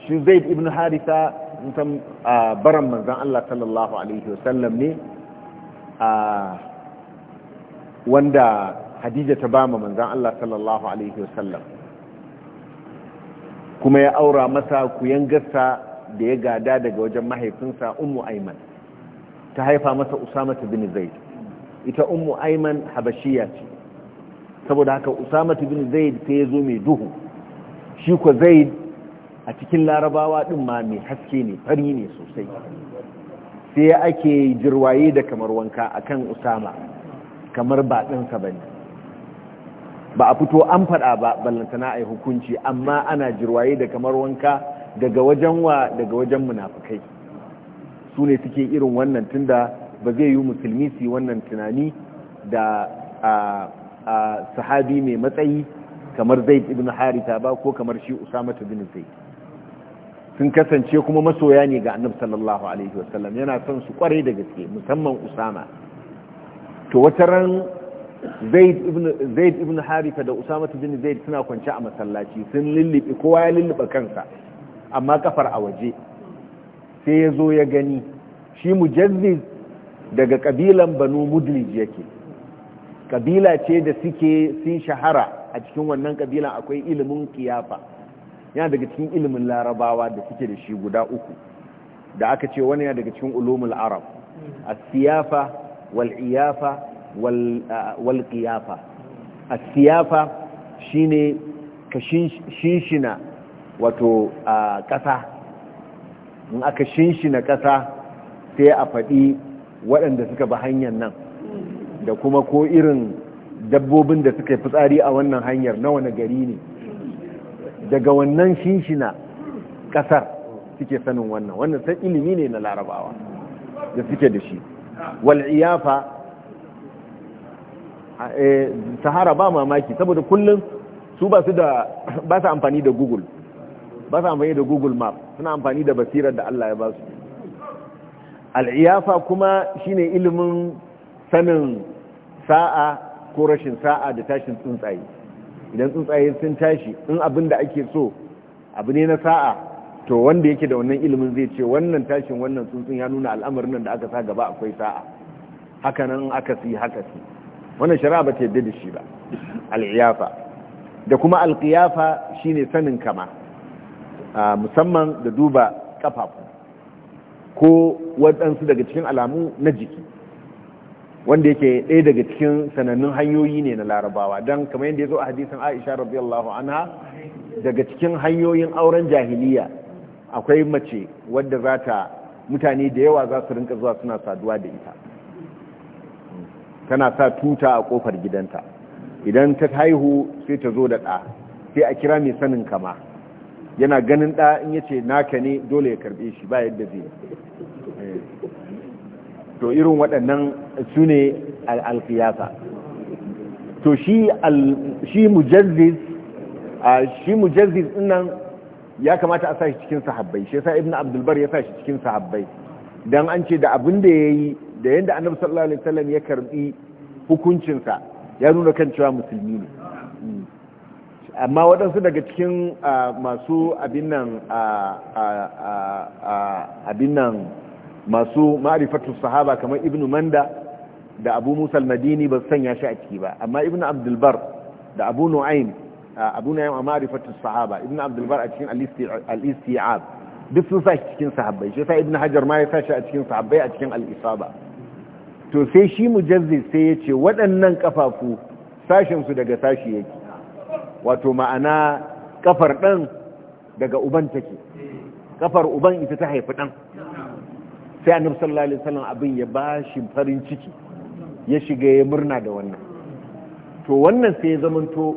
shi zaid ibn harisa mutum baran manzan Allah sallallahu alaihi wasallam ne wanda hadija ta ba ma manzan Allah sallallahu alaihi wasallam kuma ya aura masa ku gasa da ya gada daga wajen mahaifinsa ummu aiman ta haifa masa usamatu bin zaid ita ummu aiman habashiya ce saboda haka usama bin zaid ta ya zo mai duhu shi ko zaid a cikin larabawa din ma mai haske ne fari ne sosai sai ake jirwaye da kamar wanka akan usama kamar baɗinsa ba ne ba a fito an faɗa ba ballantana a yi hukunci amma ana jirwaye da kamar wanka daga wajen wa daga wajen munafikai su ne suke irin wannan tunda ba zai yi musulmi su wannan tunani da a sahabi mai matsayi kamar zaid ibn harita ba ko kamar shi usamatu bin zaid sun kasance kuma masoya ne ga annabi sallallahu alaihi wasallam yana son su kware da gaske musamman usama to wata ran zaid ibn harifa da usamatu bin zaid suna kwance a masallaci sun lullubi kowa ya lulluɓe kansa amma kafar a waje sai ya zo ya gani shi mujazziz daga kabilan banu mudlij yake kabila ce da suke sun shahara a cikin wannan kabilan akwai ilimin kiyafa yana daga cikin ilimin larabawa da suke da shi guda uku da aka ce wani yana daga cikin ulumul arab as-siyafa wal iyafa wal qiyafa as-siyafa shine kashin shinshina wato a ƙasa in aka shinshina ƙasa sai a faɗi waɗanda suka ba hanyar nan da kuma ko irin dabbobin da suka yi fitsari a wannan hanyar na wani gari ne daga wannan shinshina ƙasar suke sanin wannan wannan sai ilimi ne na larabawa da suke da shi wal'iyafa eh, sahara ba mamaki saboda kullum su ba su da ba su amfani da google ba su amfani da google map suna amfani da basirar da Allah ya ba su al'iyafa kuma shine ilimin sanin sa'a ko rashin sa'a da tashin tsuntsaye idan tsuntsaye sun tashi in abin da ake so abu ne na sa'a to wanda yake da wannan ilimin zai ce wannan tashin wannan tsuntsun ya nuna al'amarin nan da aka sa gaba akwai sa'a haka nan aka si haka si wannan shari'a ba ta yadda da shi ba al'iyafa da kuma alkiyafa shine sanin kama musamman da duba kafafu ko waɗansu daga cikin alamu na jiki wanda yake ɗaya daga cikin sanannun hanyoyi ne na larabawa don kamar yadda ya zo a hadisan aisha radiyallahu anha daga cikin hanyoyin auren jahiliya akwai mace wadda za ta mutane da yawa za su rinka zuwa suna saduwa da ita tana sa tuta a kofar gidanta idan ta haihu sai ta zo da ɗa sai a kira mai sanin kama yana ganin ɗa in yace naka ne dole ya karbe shi ba yadda zai eh. to irin waɗannan su ne alƙiyasa to shi mujazziz shi mujazziz nan ya kamata a sa shi cikin sahabbai shi sa ibn abdulbar ya sa shi cikin sahabbai don an ce da abin da ya yi da yadda annabi sallallahu alaihi wasallam ya karbi hukuncinsa ya nuna kan cewa musulmi ne amma waɗansu daga cikin masu abin nan masu ma'arifatu sahaba kamar ibnu manda da abu musa al-madini ba sanya shi a ciki ba amma ibnu abdulbar da abu nu'aym abu nu'aym a ma'rifatu sahaba ibnu abdulbar a cikin al duk sun sa cikin sahabbai shi sa ibnu hajar ma ya sa shi a cikin sahabbai a cikin al-isaba to sai shi mujazzi sai ya ce waɗannan kafafu sashensu daga sashi yake wato ma'ana kafar ɗan daga uban take kafar uban ita ta haifi ɗan sai annabi sallallahu alaihi wasallam abin ya ba shi farin ciki ya shiga ya murna da wannan to wannan sai ya zamanto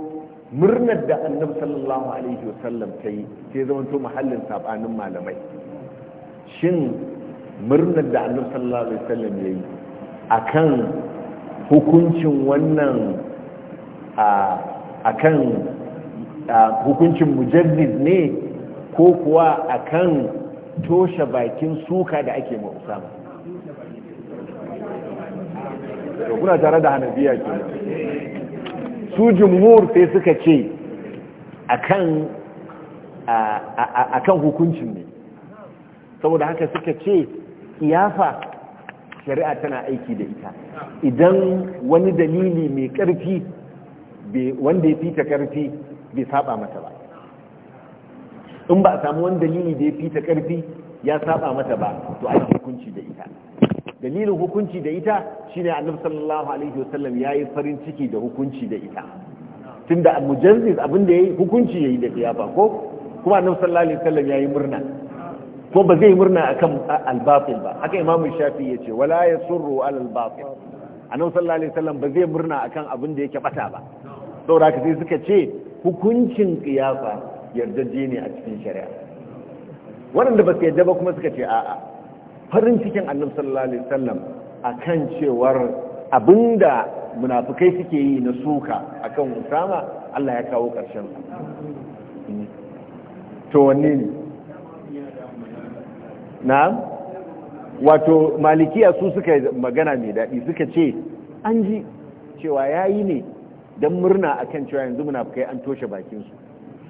murnar da annabi sallallahu alaihi wasallam ta yi sai ya zamanto mahallin sabanin malamai shin murnar da annabi sallallahu alaihi wasallam ya yi akan hukuncin wannan a akan hukuncin mujallis ne ko kuwa akan toshe bakin suka da ake mausa to kuna tare da hanabiya ke su jumhur sai suka ce akan kan hukuncin ne saboda haka suka ce iyafa shari'a tana aiki da ita idan wani dalili mai ƙarfi wanda ya fita karfi bai saba mata ba in ba a samu wani dalili da ya fita karfi ya saba mata ba to a hukunci da ita dalilin hukunci da ita shine annabi sallallahu alaihi wasallam yayi farin ciki da hukunci da ita tunda al-mujarriz abin da yayi hukunci yayi da ba ko kuma annabi sallallahu alaihi wasallam yayi murna ko ba zai murna akan al-batil ba haka imamu shafi yace wala yasurru surro al-batil annabi sallallahu alaihi wasallam ba zai murna akan abin da yake bata ba saboda haka sai suka ce hukuncin kiyafa yardaje ne a cikin shari'a waɗanda ba su yarda ba kuma suka ce a'a farin cikin annabi sallallahu alaihi wasallam akan cewar abinda munafikai suke yi na suka akan usama Allah ya kawo ƙarshen
su
to wanne ne na wato malikiya su suka magana mai daɗi suka ce an ji cewa yayi ne don murna a kan cewa yanzu muna kai an toshe bakinsu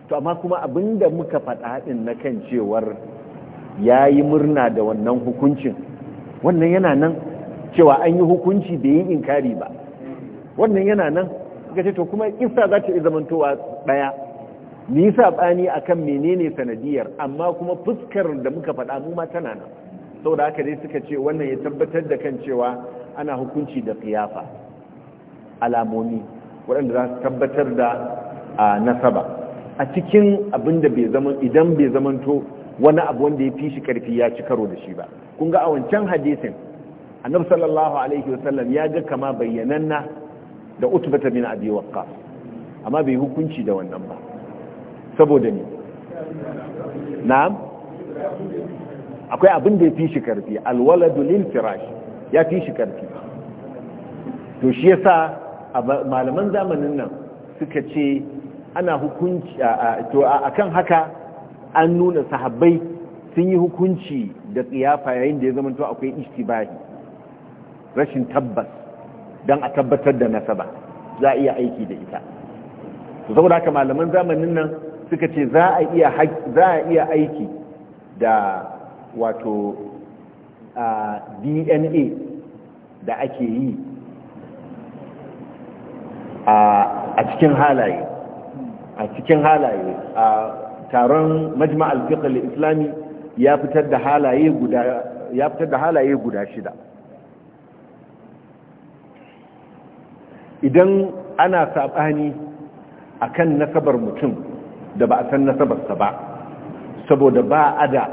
to amma kuma abinda muka faɗa haɗin na kan cewar ya yi murna da wannan hukuncin wannan yana nan cewa an yi hukunci bai yi inkari ba wannan yana nan ga to kuma isa za ta zamantowa ɗaya ni yi saɓani a kan menene sanadiyar amma kuma fuskar da muka faɗa mu ma tana nan sau da haka dai suka ce wannan ya tabbatar da kan cewa ana hukunci da kiyafa alamomi waɗanda za su tabbatar da a nasaba a cikin abin da bai zama idan bai zamanto wani abu wanda ya fi shi karfi ya ci karo da shi ba kun ga a wancan hadisin annabi sallallahu alaihi wasallam ya ga kama na. da utbata bin abi waqqas amma bai hukunci da wannan ba saboda ni na'am akwai abin da ya fi shi karfi alwaladu lil firash ya fi shi karfi to shi yasa malaman zamanin nan suka ce ana hukunci to akan haka an nuna sahabbai sun yi hukunci da tsiyafa yayin da ya zama to akwai ishtibahi rashin tabbas don a tabbatar da nasaba za a iya aiki da ita to saboda haka malaman zamanin nan suka ce za a iya za a iya aiki da wato DNA da ake yi a cikin halaye a cikin halaye a taron majma'al fiqh islami ya fitar da halaye guda ya fitar da halaye guda shida idan ana sabani akan nasabar mutum da ba a san nasabarsa ba saboda ba a da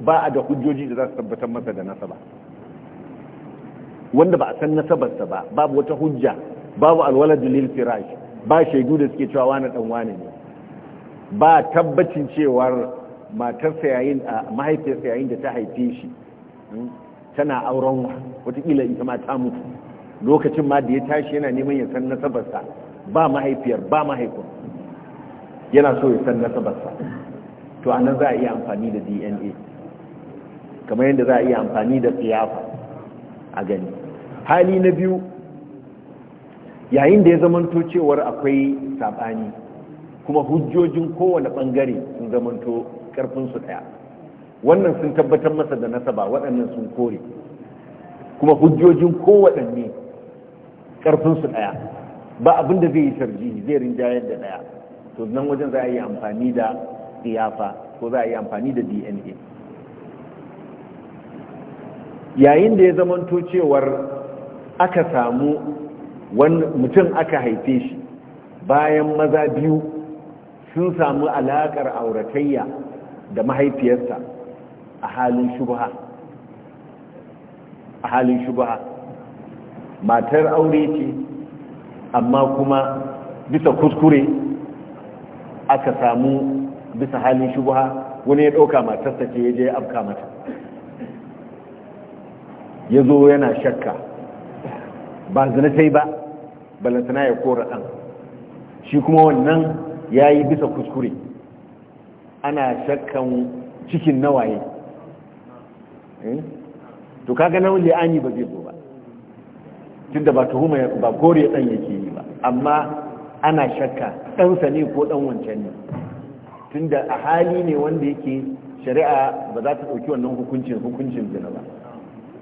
ba a da hujjoji da za su tabbatar masa da nasaba wanda ba a san nasabarsa ba babu wata hujja babu alwaladu lil firash ba shaidu da suke cewa wani dan wani ne ba tabbacin cewar matarsa yayin mahaifiyarsa yayin da ta haife shi hmm, tana auren watakila ita ma ta mutu lokacin ma da ya tashi yana neman ya san nasabarsa ba mahaifiyar ba mahaifin yana so ya san nasabarsa to anan za a iya amfani da dna kamar yadda za a iya amfani da tsiyafa a gani hali na biyu yayin da ya zamanto cewar akwai saɓani kuma hujjojin kowane ɓangare sun zamanto ƙarfinsu ɗaya wannan sun tabbatar masa da nasaba waɗannan sun kore kuma hujjojin kowaɗanne ƙarfinsu ɗaya ba abin da zai yi sarji zai rinjayar da ɗaya to nan wajen za a yi amfani da iyafa ko za a yi amfani da dna yayin da ya zamanto cewar aka samu wani mutum aka haife shi bayan maza biyu sun samu alakar auratayya da mahaifiyarsa a halin shubha a halin shubha matar aure ce amma kuma bisa kuskure aka samu bisa halin shubha wani ya ɗauka matarsa ce ya je ya afka mata ya zo yana shakka ba zina ta yi ba balantana ya kora ɗan shi kuma wannan ya yi bisa kuskure ana shakkan cikin nawaye eh? to kaga na li'ani ba zai zo ba tun da ba tuhuma ba kore ɗan yake yi ba amma ana shakka ɗansa ne ko ɗan wancan ne tun da a hali ne wanda yake shari'a ba za ta ɗauki wannan hukuncin hukuncin zina ba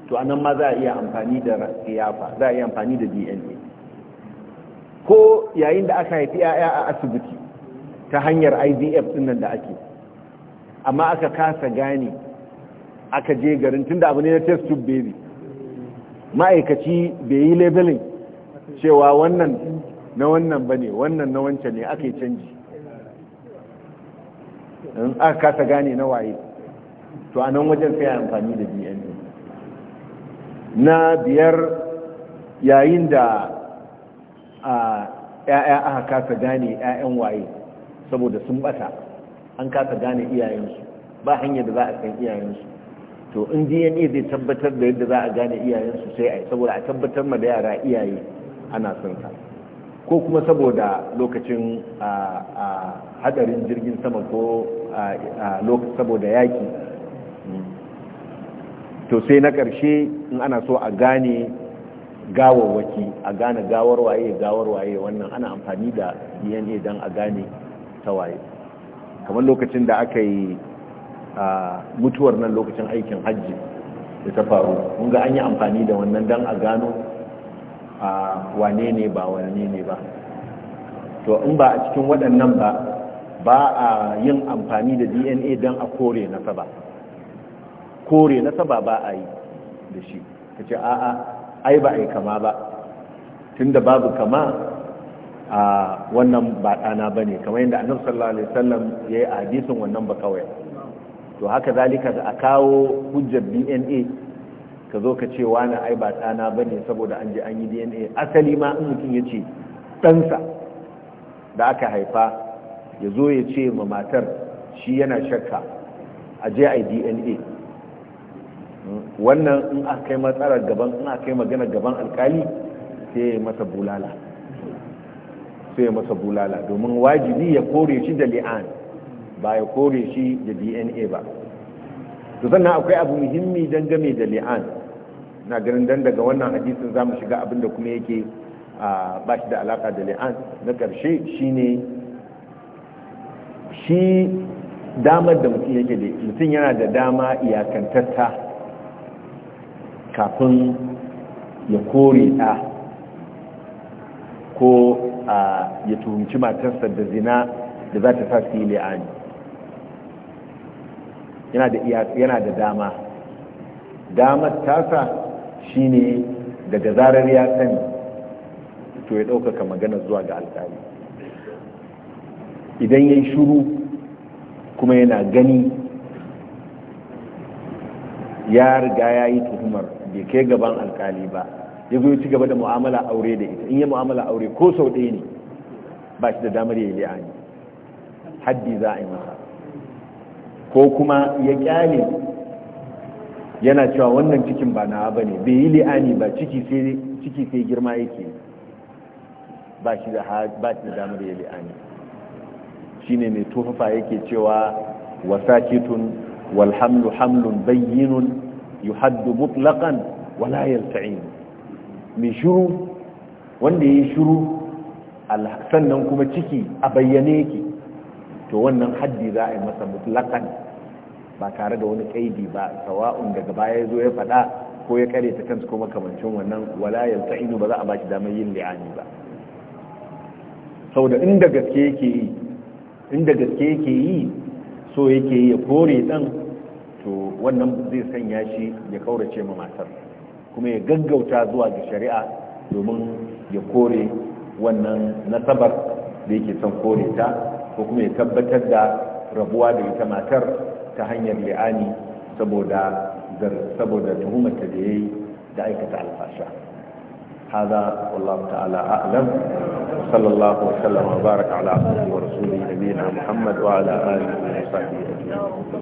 to anan ma za a iya amfani da kiyafa za a iya amfani da dna ko yayin da aka haifi 'ya'ya a asibiti ta hanyar ivf nan da ake amma aka kasa gane aka je garin tunda abu ne na test tube baby ma'aikaci bai yi labeling cewa wannan na wannan ba ne wannan na wancan ne aka yi canji in aka kasa gane na waye to a nan wajen sai amfani da dna na biyar yayin da a ‘ya'ya aka kasa gane ‘ya'yan waye saboda sun bata an kasa gane iyayensu ba hanyar da za a san iyayensu to in dna zai tabbatar da yadda za a gane iyayensu sai a yi saboda a tabbatar ma da yara iyaye ana son ta ko kuma saboda lokacin hadarin jirgin sama ko saboda yaki hmm. to sai na ƙarshe in ana so a gane gawawwaki a gane gawar waye gawar waye wannan ana amfani da dna don a gane ta waye kamar lokacin da aka yi mutuwar nan lokacin aikin hajji da ta faru mun ga an yi amfani da wannan don a gano wane ne ba wane ne ba to in ba a cikin waɗannan ba ba a yin amfani da dna don a kore nasaba kore nasaba ba a yi da shi ka ce a'a ai ba ai kama ba tunda babu kama a wannan ba ɗana ba ne kamar yadda annabi sallallahu alaihi wasallam ya yi a hadisin wannan ba kawai to haka zalika da a kawo hujjar dna ka zo ka ce wani ai ba ɗana ba saboda an je an yi dna asali ma in mutum ya ce ɗansa da aka haifa ya zo ya ce ma matar shi yana shakka a je a yi dna wannan in aka kai matsalar gaban in aka kai magana gaban alkali sai ya masa bulala sai masa bulala domin wajibi ya kore shi da li'an ba ya kore shi da dna ba to sannan akwai abu muhimmi dangane da li'an na ganin dan daga wannan hadisin za mu shiga abin da kuma yake ba shi da alaka da li'an na karshe shine shi damar da mutum yake da mutum yana da dama iyakantatta kafin ya kore ɗa ko ya tuhunci matarsa da zina da za ta sa su yi la'ani yana da dama damar tasa shine daga zarar ya sani to ya ɗaukaka magana zuwa ga alƙali idan ya yi shuru kuma yana gani ya riga ya yi tuhumar bai kai gaban alkali ba ya zo ci gaba da mu'amala aure da ita in yi mu'amala aure ko sau ɗaya ne ba shi da damar ya yi li'ani haddi za a yi masa ko kuma ya kyale yana cewa wannan cikin ba nawa ba ne bai yi li'ani ba ciki sai girma yake ba shi da damar ya li'ani shi ne mai tufafa yake cewa wasakitun walhamlu hamlun bayyinun yuhaddu mutlaqan wala yalta'in mai shiru, wanda yayi shiru sannan kuma ciki a bayyane yake to wannan haddi za a yi masa mutlaqan ba tare da wani kaidi ba sawa'un daga baya zo ya faɗa ko ya kare ta kansu ko makamancin wannan wala yalta'inu ba za a ba shi damar yin li'ani ba saboda inda gaske yake yi inda gaske yake yi so yake yi ya kore dan wannan zai sanya shi ya kaurace ma matar kuma ya gaggauta zuwa ga shari'a domin ya kore wannan nasabar da yake son kore ta ko kuma ya tabbatar da rabuwa da ita matar ta hanyar li'ani saboda saboda ta da yayi da aikata alfasha هذا والله تعالى أعلم صلى الله وسلم